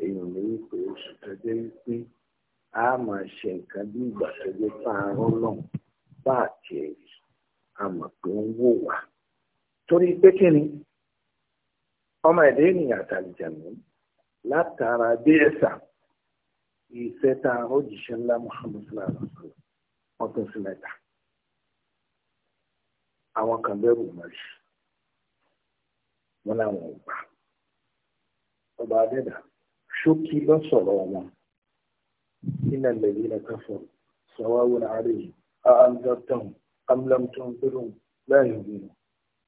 èèyàn ní wípé oṣù tó jẹ́ wípé a máa ṣe nǹkan bí ìgbà tó jẹ́ pààrọ̀ náà bá a tiẹ̀ rí a mọ̀ pé ń wò wá torí pé kí ni ọmọ ẹ̀dá ènìyàn àtàlìjàmù látara bí ẹ̀sà ìfẹ́ ta òjìṣẹ́ ńlá Muhammad sallallahu alaihi wa sallam ọdún sí mẹ́ta àwọn kan bẹ̀rù mọ́ṣù. wọn làwọn ò gbà ọba adẹ́dà ṣókí lọ́sọ̀rọ̀ wọn nínú ẹlẹ́yìn lẹ́ka fọ sọ́wọ́wọ́n àárẹ̀ yìí àǹdọ̀tàn amlamtun bírùn láàyè bírùn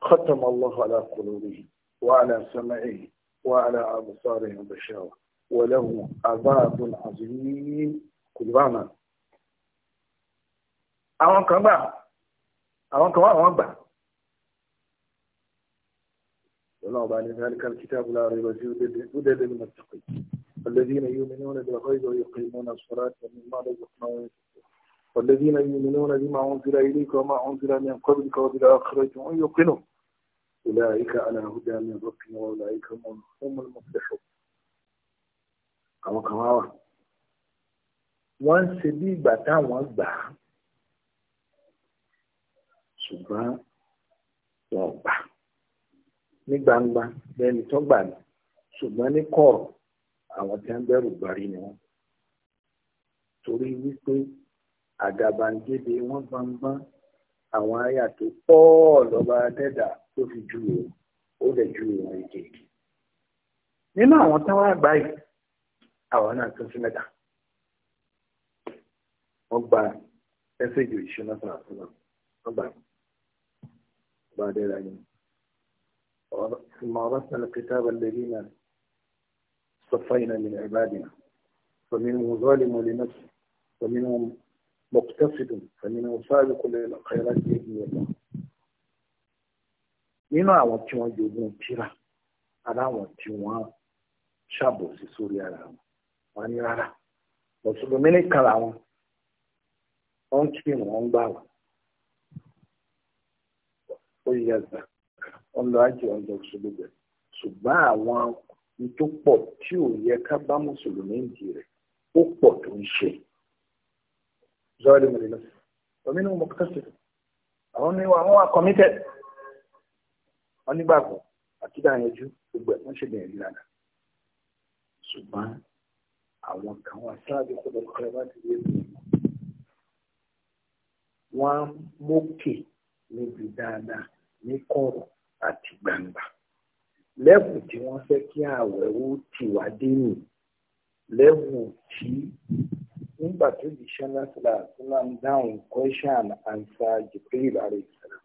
ختم الله على قلوبهم وعلى سمعهم وعلى أبصارهم بشاوة ولهم عذاب عظيم كل بعمل àwọn kan gbà àwọn kan wà wọn gbà والله بعد ذلك الكتاب لا ريب فيه هدى للمتقين الذين يؤمنون بالغيب ويقيمون الصلاة ومما رزقناهم ينفقون والذين يؤمنون بما أنزل إليك وما أنزل من قبلك وبالآخرة هم يوقنون أولئك على هدى من ربهم وأولئك هم المفلحون كما كما wá wà wọ́n ń ṣe ní gbangba lẹ́ni tó gbà ní ṣùgbọ́n ní kọ̀rọ̀ àwọn tí wọ́n bẹ̀rù gbárí ni wọ́n torí wípé àgàbàǹgẹ̀dẹ̀ wọn gbọngbọ́n àwọn àyà tó pọ̀ lọ́ba dẹ́dà tó fi ju òun ó lè ju òun èkejì nínú àwọn táwọn àgbà yìí àwọn náà tún sí mẹ́ta wọ́n gba ẹsẹ̀ ìjòyè ṣe fún àfúnà wọ́n gbà wọ́n bá dẹ́ra yìí. ثم أورثنا الكتاب الذين صفينا من عبادنا فمنهم ظالم لنفسه ومنهم مقتصد فمنهم سابق للخيرات بإذن الله nínú àwọn tí wọ́n jogún tíra aláwọn tí wọ́n ṣàbòsí sórí ara wọn wọn ní rárá mùsùlùmí nìkan làwọn wọn ń kí wọn gbà wọn ó yẹ zaka wọn lọ àjẹ ọjọ́ ìṣòlùgbẹ ṣùgbọ́n àwọn tó pọ̀ tí ò yẹ ká bá mùsùlùmí ń di rẹ̀ ó pọ̀ tó ń ṣe. zọlẹ mọlẹ lọ omi ni mo kọ́ sí àwọn ni àwọn wà committed wọn nígbàgbọ́ àti dáyanjú gbogbo ẹ̀ wọ́n ṣe bẹ̀rẹ̀ nílànà ṣùgbọ́n àwọn kan wà sáàbì kó lọ́kọ́ ẹ bá ti yé mi wọ́n mókè níbi dáadáa ní kọ̀rọ̀ àti gbangba lẹ́wù tí wọ́n fẹ́ kí ààwẹ̀ ó ti wá dé nì lẹ́wù tí nígbà tó di ṣáláṣálà tó máa ń dáhùn question and answer Jibril àrèsàlà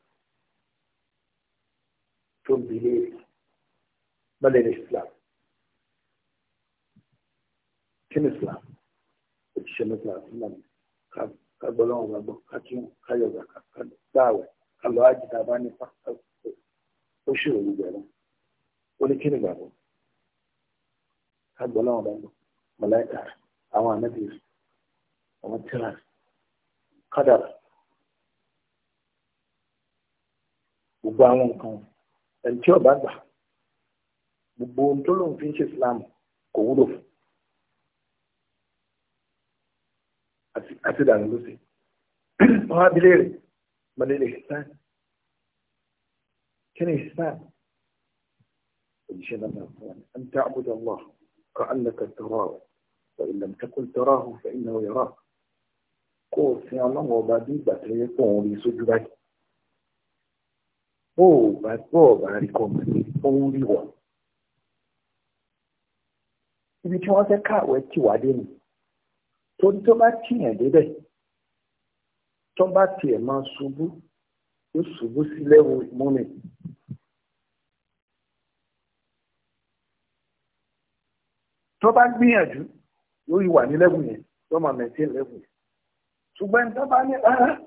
tó bi léèrè bọ́lẹ̀ ní Islam kí ni Islam òṣìṣẹ́ mẹ́ta àti mọ́mí ká gbọ́ lọ́wọ́ gbàgbọ́ ká kí wọn ká yọ̀gà ká dáwẹ̀ ká lọ ájì bá nípa ká ó ṣe òru bẹ̀rẹ̀ ó ní kí ni gbàgbọ́ agbọ́n náà lọ́gbọ́ mọ̀láìkà àwọn ànábì àwọn tíra kádàrà gbogbo àwọn nǹkan ẹni tí ọba gbà gbogbo ohun tó lóun fi ń ṣe Islam kò wúlò fún àti dànù ló wọn á bilé rẹ mọlẹ lè كان يسمعني أن تعبد الله كأنك تراه وإن لم تكن تراه فإنه يراك قول سيانا وبادي باتري فوري سجبك هو بات هو باريكم فوري هو إذا كنت أسكى ويكي وادين تون تباتي يدي بي تباتي يمان سبو يسبو سيلو مومي tó bá gbìyànjú yóò wà ní lẹ́gùn yẹn yóò máa maintain lẹ́gùn yẹn ṣùgbọ́n tó bá ní rárá ah,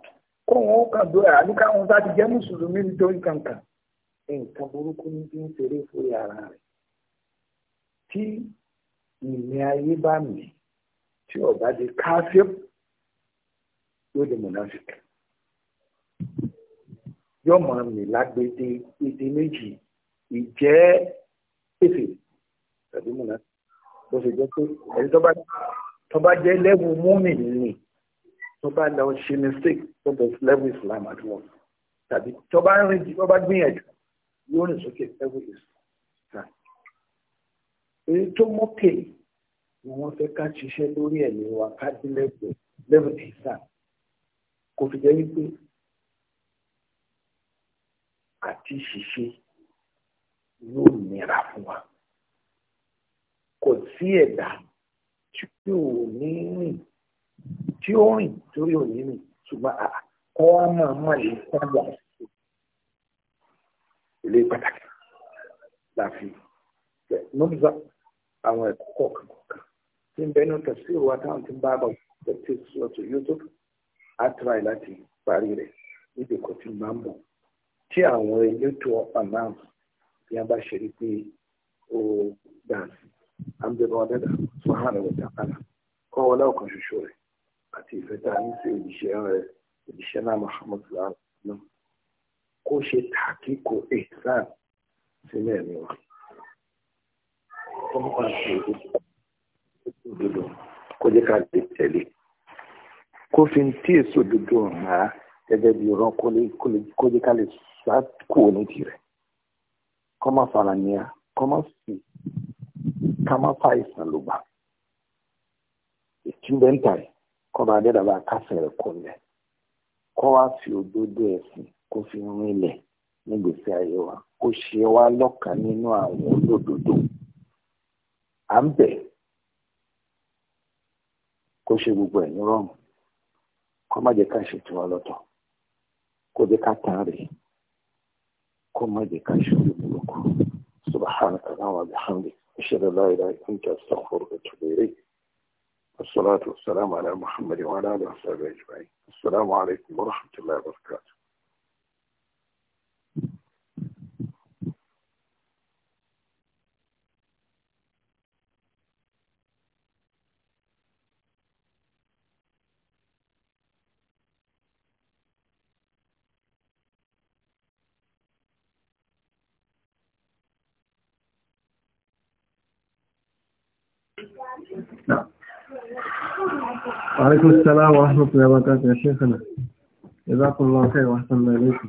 kóun ó kàn dóra àbí káwọn bá ti jẹ́ mùsùlùmí nítorí kankan nǹkan burúkú ní bí ń ṣeré fún ara rẹ̀ tí ìní ayé bá mì tí ọba di káfíọ́ yóò di mọ̀nàfíkì yóò mọ̀ mí lágbèdè èdè méjì ìjẹ́ èfè tàbí mọ̀nàfíkì bó ṣe jẹ́ pé ẹni tó bá jẹ́ lẹ́wù múmi ni tó bá lọ ṣe mistake tó bẹ̀ lẹ́wù Islam at once tàbí tó bá rìn jù tó bá gbìyànjú yóò rìn sókè lẹ́wù Islam. èyí tó mọ́kè ni wọ́n fẹ́ ká ṣiṣẹ́ lórí ẹ̀mí wa ká dín lẹ́wù lẹ́wù Islam kò fi jẹ́ wípé àti ṣiṣẹ́ yóò nira fún wa kò sí ẹ̀dá tí ò ní rìn tí ó rìn torí ò ní rìn ṣùgbọ́n kọ́ á máa máa lè sábà ṣe ilé pàtàkì láfi ẹ̀ nọ́bùsà àwọn ẹ̀kọ́ kọ̀ọ̀kan kọ̀ọ̀kan tí ń bẹ ní tẹ̀sí ìwà táwọn ti ń bá bọ̀ tẹ̀sí ìṣòro YouTube àtúrà láti parí rẹ̀ níbi kò tí máa ń bọ̀ tí àwọn elétò ọ̀pá náà bí bá ṣe rí pé ó gbà sí àǹbẹ̀rẹ̀ wọn dẹ́dà sọ́hánà wọ̀tá àlà kọ́ wọlé ọkàn ṣoṣo rẹ̀ àti ìfẹ́ tá a ní sí òjíṣẹ́ rẹ̀ òjíṣẹ́ náà Muhammadu alayhi kó ṣe tàkíkò ihsan sínú ẹ̀mí wa wọ́n máa ṣe òdodo kó jẹ́ ká lè tẹ̀lé kó fi ń tí èso òdodo hàn á gẹ́gẹ́ bí ọ̀rọ̀ kó jẹ́ ká lè sá kúrò ní tirẹ̀ kó má fara ní a kó má sì Kama má fa ìsàn ló bá ìtúbẹ̀ntà kọba adẹ́dàbà kásẹ̀ rẹ̀ kọlẹ̀ kọ́ wá fi òdodo ẹ̀sìn kó fi rún ilẹ̀ nígbèsè ayé wa kó ṣe wá lọ́kàn nínú àwọn olódodo à ń bẹ̀ kó ṣe gbogbo ẹ̀ ní rọrùn kó má jẹ́ ká ṣètò wa lọ́tọ̀ kó jẹ́ wa bihamdik. أشهد أن لا إله إلا أنت أستغفرك وأتوب إليك والصلاة والسلام على محمد وعلى آله وصحبه أجمعين السلام عليكم ورحمة الله وبركاته وعليكم السلام ورحمة الله وبركاته يا شيخنا جزاكم الله خير وأحسن الله إليكم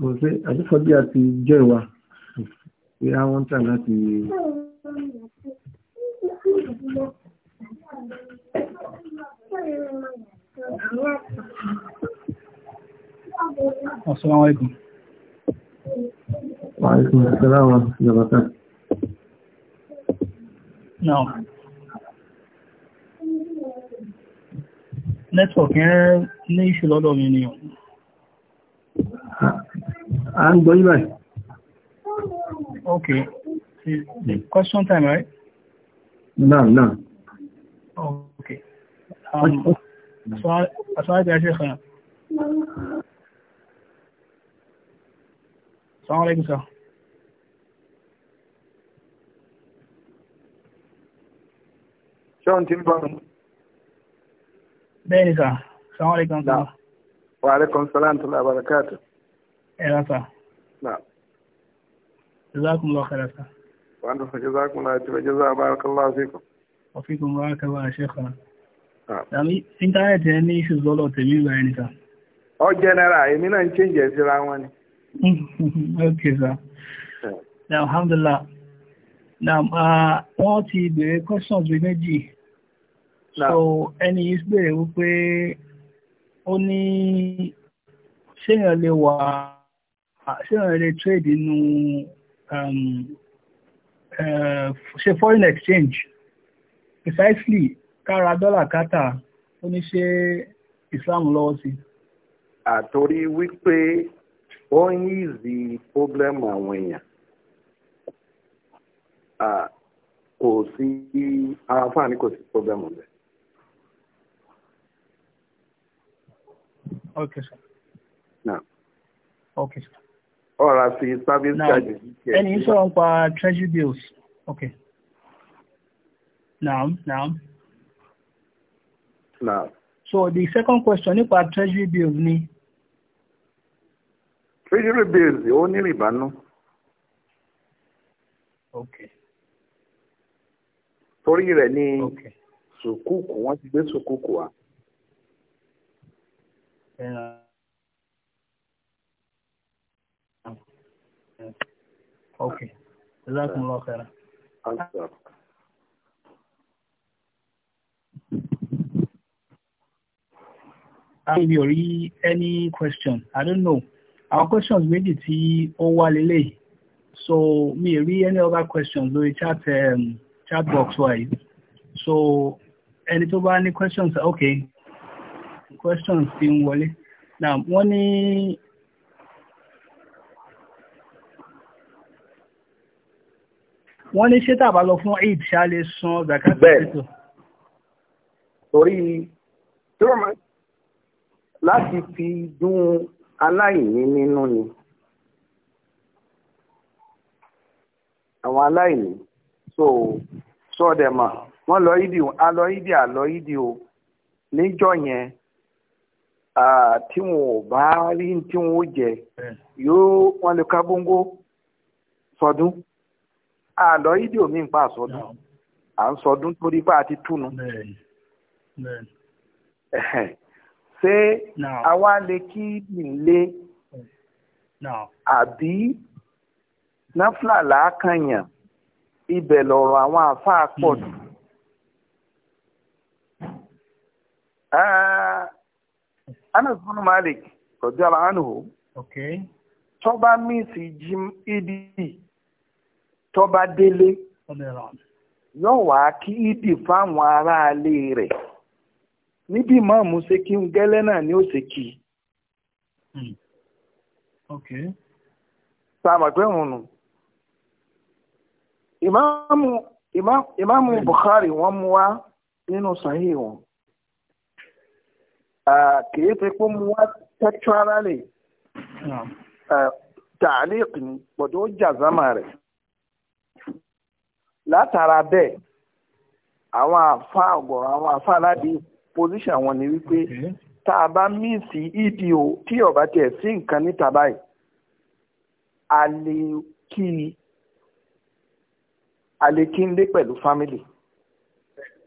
mo ṣe àdúfọ́ bí a ti jẹ́ ìwà pé a wọ́n tà láti Assalamu alaikum. وعليكم السلام ورحمة الله وبركاته نعم network yẹn ní ìṣù lọ́dọ̀ mi ni ọ̀n. a ń gbọ́ yí báyìí. okay question time right? no no. okay. asalaamu alaykum sir. asalaamu alaykum sir. ṣọ́n ti ń bọ̀ mú. bẹ́ẹ̀ ni sà sàwọn àlekàn sà. wà á lẹ́kọ̀ọ́ sọ́lá ń tọ́lá àbàràkàtà. ẹ ra sà. جزاكم الله خيرا سا. وأنتم جزاكم الله خيرا جزاء بارك الله فيكم. وفيكم بارك الله شيخنا. Dàmí íńtánẹ́ẹ̀tì ẹ ní ìṣù lọ́lọ́ tèmi ìgbà ẹni sá. Ọ jẹ́nẹ́rà èmi náà ń chéǹjì ẹ̀ síra wọn ni. Ok sá. Alhamdulillah. Ah, wọ́n ti bèrè questions bíi méjì so ẹni yìí béèrè wípé ó ní ṣéyàn lè trade ṣéyàn um uh nínú ṣe foreign exchange precisely kára dọ́là kátà ó ní ṣe Islam lọ́wọ́ sí. àtorí wípé ó ń yí ìzì problem àwọn èèyàn kò sí àǹfààní kò sí problem ọ̀bẹ. Okay, sir. No. Okay, sir. All right, so service now, charges. Yes. And you saw uh, treasury bills. Okay. Now, now. Now. So the second question nípa treasury bills ni. Treasury bills ó ní rìbá nù. Okay. Torí rẹ̀ ni sùkúùkù, wọ́n ti gbé sùkúùkù wá. Okay. and uh, okay. جزاكم الله خيرا. If you read any question, I don't know. Our questions méjì tí ó wá So mi rí any other questions lórí chat um, chat box wise. So any other questions, okay. questions ti ń wọlé now wọ́n ní wọ́n ní ṣé tàbá lọ fún eid ṣáàlẹ̀ san zakat bẹ́ẹ̀ torí tírọ́mà láti fi dún aláìní nínú ni àwọn aláìní so sọ́ọ̀dẹ̀mà wọ́n lọ ídì àlọ́ ídì àlọ́ ídì o níjọ́ yẹn tí wọn ò bá rí tí wọn ó jẹ yóò wọn lè ka góńgó sọdún àlọ ìdí omi ń pa sọdún à ń sọdún torí pé a ti túnu ṣé àwa lè kí nílé àbí náfìlà làákànyàn ibẹ̀ lọ̀rọ̀ àwọn àáfàá pọ̀ jù. Hmm. Anas bin Malik radiyallahu anhu tó bá mísì jí ìdí tó bá délé yóò wá kí ìdí fáwọn aráalé rẹ̀ níbi ìmáàmù ṣe kí ń gẹ́lẹ́ náà ni ó ṣe kí i. Hmm. sáàmà ìmáàmù Bukhari wọ́n mú wá nínú sàhíì wọn kìí ṣe pé mo wá textually ta'liq ni gbọ̀dọ̀ ó jàzámà rẹ̀ látara bẹ́ẹ̀ àwọn àfa ọ̀gọ̀rọ̀ àwọn àfa aládé position wọn ni wípé tá a bá míìsì ìdí e o tí ọba tiẹ̀ sí nǹkan níta báyìí a lè kí a lè kí ń dé pẹ̀lú family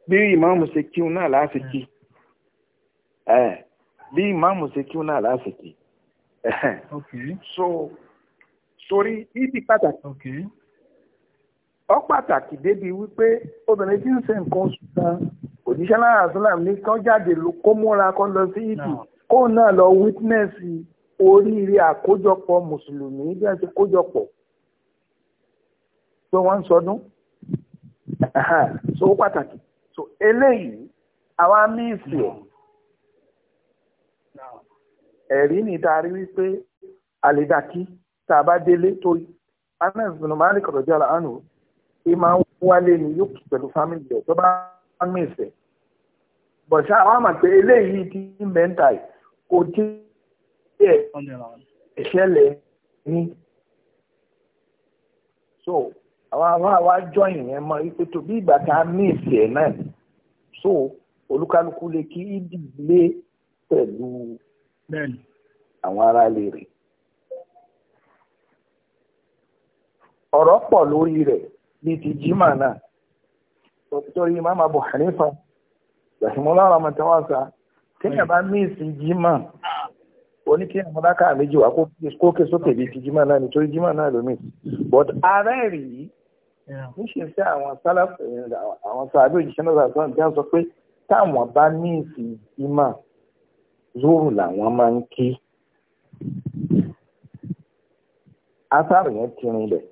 bí ìmáàmù ṣe kí un náà láti kí i. bị eh, bí ìmáàmù ṣe kí wọn náà so sorí ibi pàtàkì ọ pàtàkì débi wípé obìnrin tí ń ṣe nǹkan oṣù kan òjíṣẹ́ ní kán jáde kó múra kán lọ sí ìdì kó náà lọ wítínẹ́sì oríire àkójọpọ̀ mùsùlùmí bí wọ́n ti kójọpọ̀ wọ́n ń sọdún so pàtàkì so eléyìí àwa ẹ̀rí ni tá a rí wípé àlèdàkí tá a bá délé torí anas bin malik rọjò alahanu ìmọ̀ wálé ni yóò kí pẹ̀lú family rẹ̀ tó bá ń mèsẹ̀ bọ̀ṣá àwọn àmọ̀ pé eléyìí ti ń bẹ́ńtà yìí kò tí ẹ̀ ìṣẹ̀lẹ̀ ní. so àwọn àwọn àwa join yẹn mọ ipe tó bí ìgbà tá a mèsì ẹ̀ náà so olúkálukú lè kí ìdílé pẹ̀lú àwọn ará lè rè ọ̀rọ̀ pọ̀ lórí rẹ̀ bí ti jimá náà torí imam abu hanifa rahimola ramatawasa téèyàn bá mí ìsìn jimá oní kí àwọn aláka méjì wá kó ké sókè bí ti jimá náà nítorí jimá náà lómi but ara ẹ̀rí yìí níṣẹ́ sí àwọn sálàfẹ́ àwọn sàbẹ̀ òjíṣẹ́ náà sọ pé táwọn bá ní ìsìn jimá. zoro làwọn máa ń kí asáàrù yẹn ti rin lẹ̀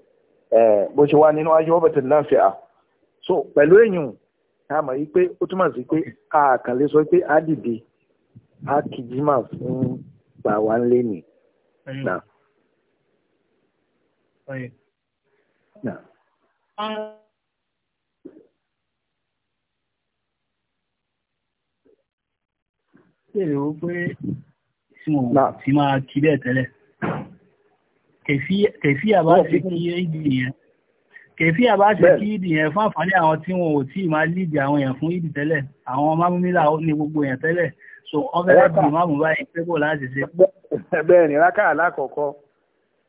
bó ṣe wá nínú ayé ọbẹ̀ náà fi so pẹ̀lú èyàn a mọ̀ yí pé ó túmọ̀ sí pé a sọ pé a dìde mà fún gbà wá nì. bèèrè ó pé wọn ti máa kí bẹ́ẹ̀ tẹ́lẹ̀ kẹfí àbá ṣe kí ìdì yẹn kẹfí àbá ṣe kí ìdì yẹn fún àǹfààní àwọn tí wọn ò tí ì máa lídìí àwọn èèyàn fún ìdì tẹ́lẹ̀ àwọn mámúmílà ní gbogbo èèyàn tẹ́lẹ̀ so ọfẹ́ láti lè máàmù báyìí pé bò láti ṣe. bẹ́ẹ̀ ni rákà alákọ̀ọ́kọ́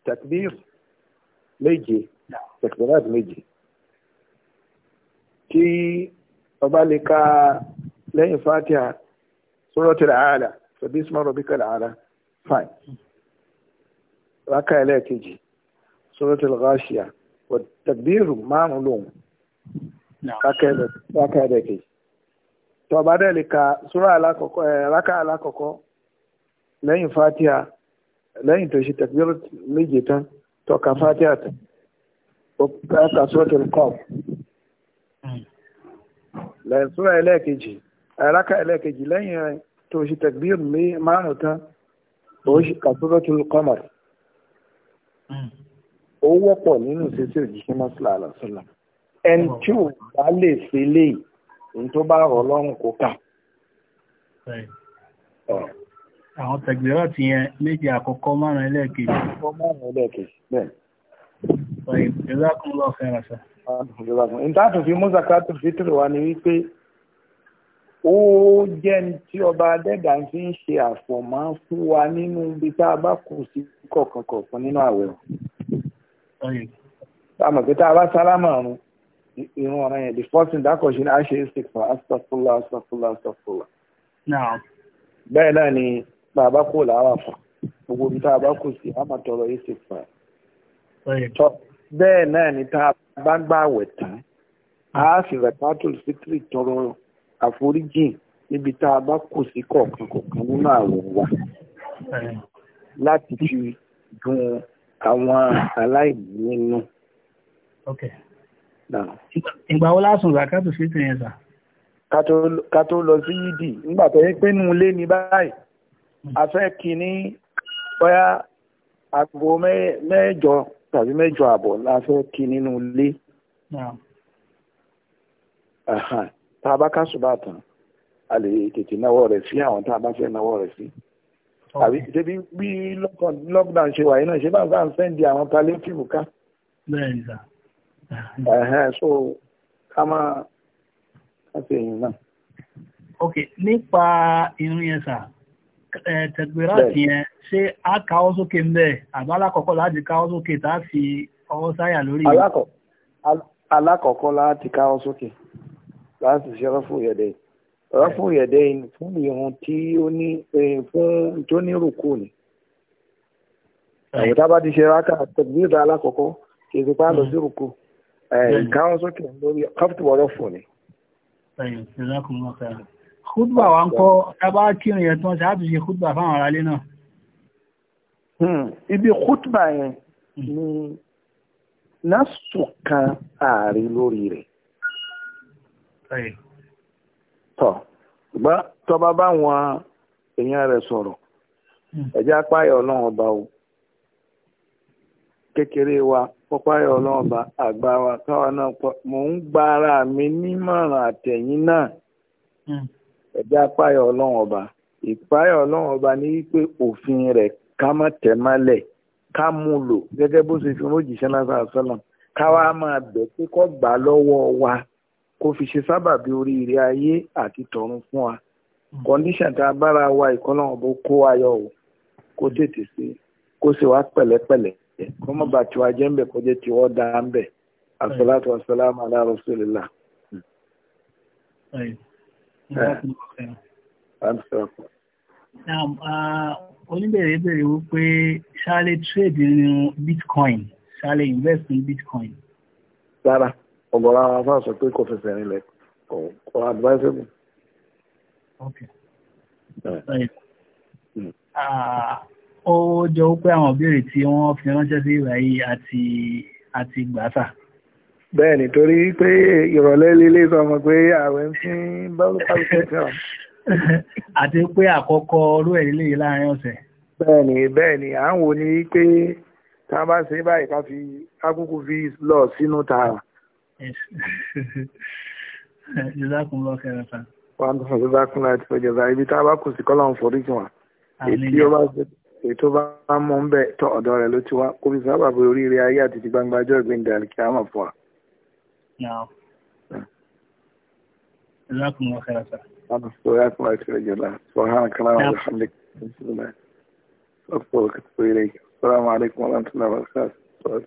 takbir méje takbirat méje tí ọba lẹ́yìn fatiha suratul aala sọ̀bí isma rabbikal aala fine rákà ẹlẹ́ẹ̀kejì suratul ghashiya wọ́n tẹ̀gbìrù márùn lòun rákà ẹlẹ́ẹ̀kejì tọ́ba dẹ̀ lè ka sura alákọ̀ọ́kọ́ eh, rákà alákọ̀ọ́kọ́ lẹ́yìn fatiha lẹ́yìn tó ṣe tẹ̀gbìrù méje tán tọ́ka fatiha tán ó ka suratul qaf hmm. lẹ́yìn sura ẹlẹ́ẹ̀kejì ẹ̀ráka eh, ẹlẹ́ẹ̀kejì lẹ́yìn rẹ̀ tó ṣe tẹ̀gbír mi márùn tán ó ṣe kàtúrọ̀ tó kọ́mọ̀ ó wọ́pọ̀ nínú ṣíṣe òjíṣẹ́ mọ́sílá àlọ́sọ́lá ẹni tí ò bá lè ṣe léyìí ní tó bá rọ̀ lọ́rùn kó kà. àwọn tẹ̀gbìrọ̀ ti yẹn méjì àkọ́kọ́ márùn ẹlẹ́ẹ̀kejì. àkọ́kọ́ márùn ẹlẹ́ẹ̀kejì bẹ́ẹ̀. ìjọba kan lọ fẹ́ràn sá. ìjọba kan ìta tó fi mú zakatu fitiri wa ni wípé ó jẹ́ ní tí ọba adẹ́gà fi ń ṣe àfọ̀mọ́ fún wa nínú ibi tá a bá kù sí kọ̀ọ̀kan kọ̀ọ̀kan nínú àwẹ̀ o. sáàmù pé tá a bá sálámà ọ̀run irun ọ̀ràn yẹn the first thing dákọ̀ ṣe ni a ṣe é sè fún astafula astafula astafula. bẹ́ẹ̀ náà ni bàbá kò láwà fún gbogbo ibi tá a bá kù sí a máa tọrọ yìí sè fún ẹ. bẹ́ẹ̀ náà ni tá a bá gbà wẹ̀ tán a fi rẹ̀ pátó fitiri tọrọ àforíjì níbi tá a bá kù sí kọ̀ọ̀kan kọ̀ọ̀kan nínú àwọ̀ wa láti fi dùn àwọn aláìní nínú. ìgbà wo lásùn zakatu fitr yẹn sà. ká tó lọ sí yídì nígbà tó yẹ pé nù lé ní báyìí a fẹ́ kí ní bóyá àgbo mẹ́jọ tàbí mẹ́jọ àbọ̀ la fẹ́ kí nínú ilé tá a bá ká ṣùbà tán a lè tètè náwó rẹ̀ sí àwọn tá a bá fẹ́ náwó rẹ̀ sí. àbí ṣebí bí lockdown ṣe wà yìí náà ṣé bá ń bá ń sẹ́ndì àwọn palliative ká. so ká máa ká ṣe èyí náà. ok nípa irun yẹn sà tẹgbẹ́rà yẹn ṣé a káwọ́ sókè ń bẹ̀ àbálà kọ̀kọ́ láti káwọ́ sókè tá a fi ọwọ́ sáyà lórí. alákọ̀ọ́kọ́ láti káwọ́ sókè láti ṣe rọ́fù yẹ̀dẹ̀ rọ́fù yẹ̀dẹ̀ fún ìhun tí ó ní fún tó ní rùkú ni àwòtá bá ti ṣe rákà tẹ̀gbìdà alákọ̀ọ́kọ́ kì í ti pa lọ sí rùkú hmm. káwọn sókè lórí kọ́pútù rọ́fù ni. kúdùbà wa ń kọ́ tábà kírun yẹn tán ṣáà tún ṣe kúdùbà fáwọn aráalé náà. Hmm, ibi kúdùbà yẹn hmm. ni násù kan ààrí lórí rẹ̀. tọ̀ ṣùgbọ́n tọba báwọn èèyàn rẹ̀ sọ̀rọ̀ hmm. ẹ̀jẹ̀ apáyọ̀ ọlọ́run ọba o kékeré wa pọ́páyọ̀ ọlọ́run ọba àgbà wa káwa náà ń gba mi àtẹ̀yìn náà apáyọ̀ hmm. ọba ìpáyọ̀ ọba ní wípé òfin rẹ̀ ká má tẹ̀ mọ́lẹ̀ ká mú lò gẹ́gẹ́ bó ṣe fi rán òjìṣẹ́ náà sàlám káwa máa bẹ̀ wa. kó fi ṣe sábàbí oríire ayé àti tọ̀run fún wa kọ́ndíṣàn tá a bára wa ìkọ́nà ọ̀bọ kó ayọ̀ o kó tètè sí kó sì wá pẹ̀lẹ́pẹ̀lẹ́ kó má bàa tiwa jẹ́ ńbẹ̀ kó jẹ́ tiwọ́ da ńbẹ̀ asọ́látọ̀ asọ́lámù ala rasulillah. oníbèrè bèrè wípé ṣáálẹ̀ trade nínú bitcoin ṣáálẹ̀ invest in bitcoin. rárá. In ọ̀gọ̀rọ̀ àwọn afáà sọ pé kò fẹsẹ̀ rinlẹ̀ kò kò advisable. okay. ó jọ pé àwọn ìbéèrè tí wọ́n fi ránṣẹ́ sí ìwà yìí àti àti gbàtà. bẹ́ẹ̀ ni torí pé ìrọ̀lẹ́ líle sọ ọmọ pé ààwẹ̀ ń fi bọ́ọ̀lù pàṣẹ sàn. àti pé àkọ́kọ́ orú ẹ̀ líle yìí láàrin ọ̀sẹ̀. bẹ́ẹ̀ ni bẹ́ẹ̀ ni à ń wò ní pé tá a bá ṣe báyìí ká fi kákúkú fi lọ sínú tààrà jọ́dákun lọ kẹrẹta. wọ́n tún fún jọ́dákun láti fẹ́ jọ́dá ibi tá a bá kù sí kọ́lá ń forí jù wọ́n. ètò bá mọ̀ ń bẹ̀ tọ́ ọ̀dọ́ rẹ̀ ló ti wá kó fi sábà pé oríire ayé àti ti gbangba ọjọ́ ìgbéǹde àlìkí àmọ̀ fún wa. جزاكم الله خيرا أنا وياكم الله خير جزاك سبحانك اللهم وبحمدك أستغفرك وأتوب إليك السلام عليكم ورحمة الله وبركاته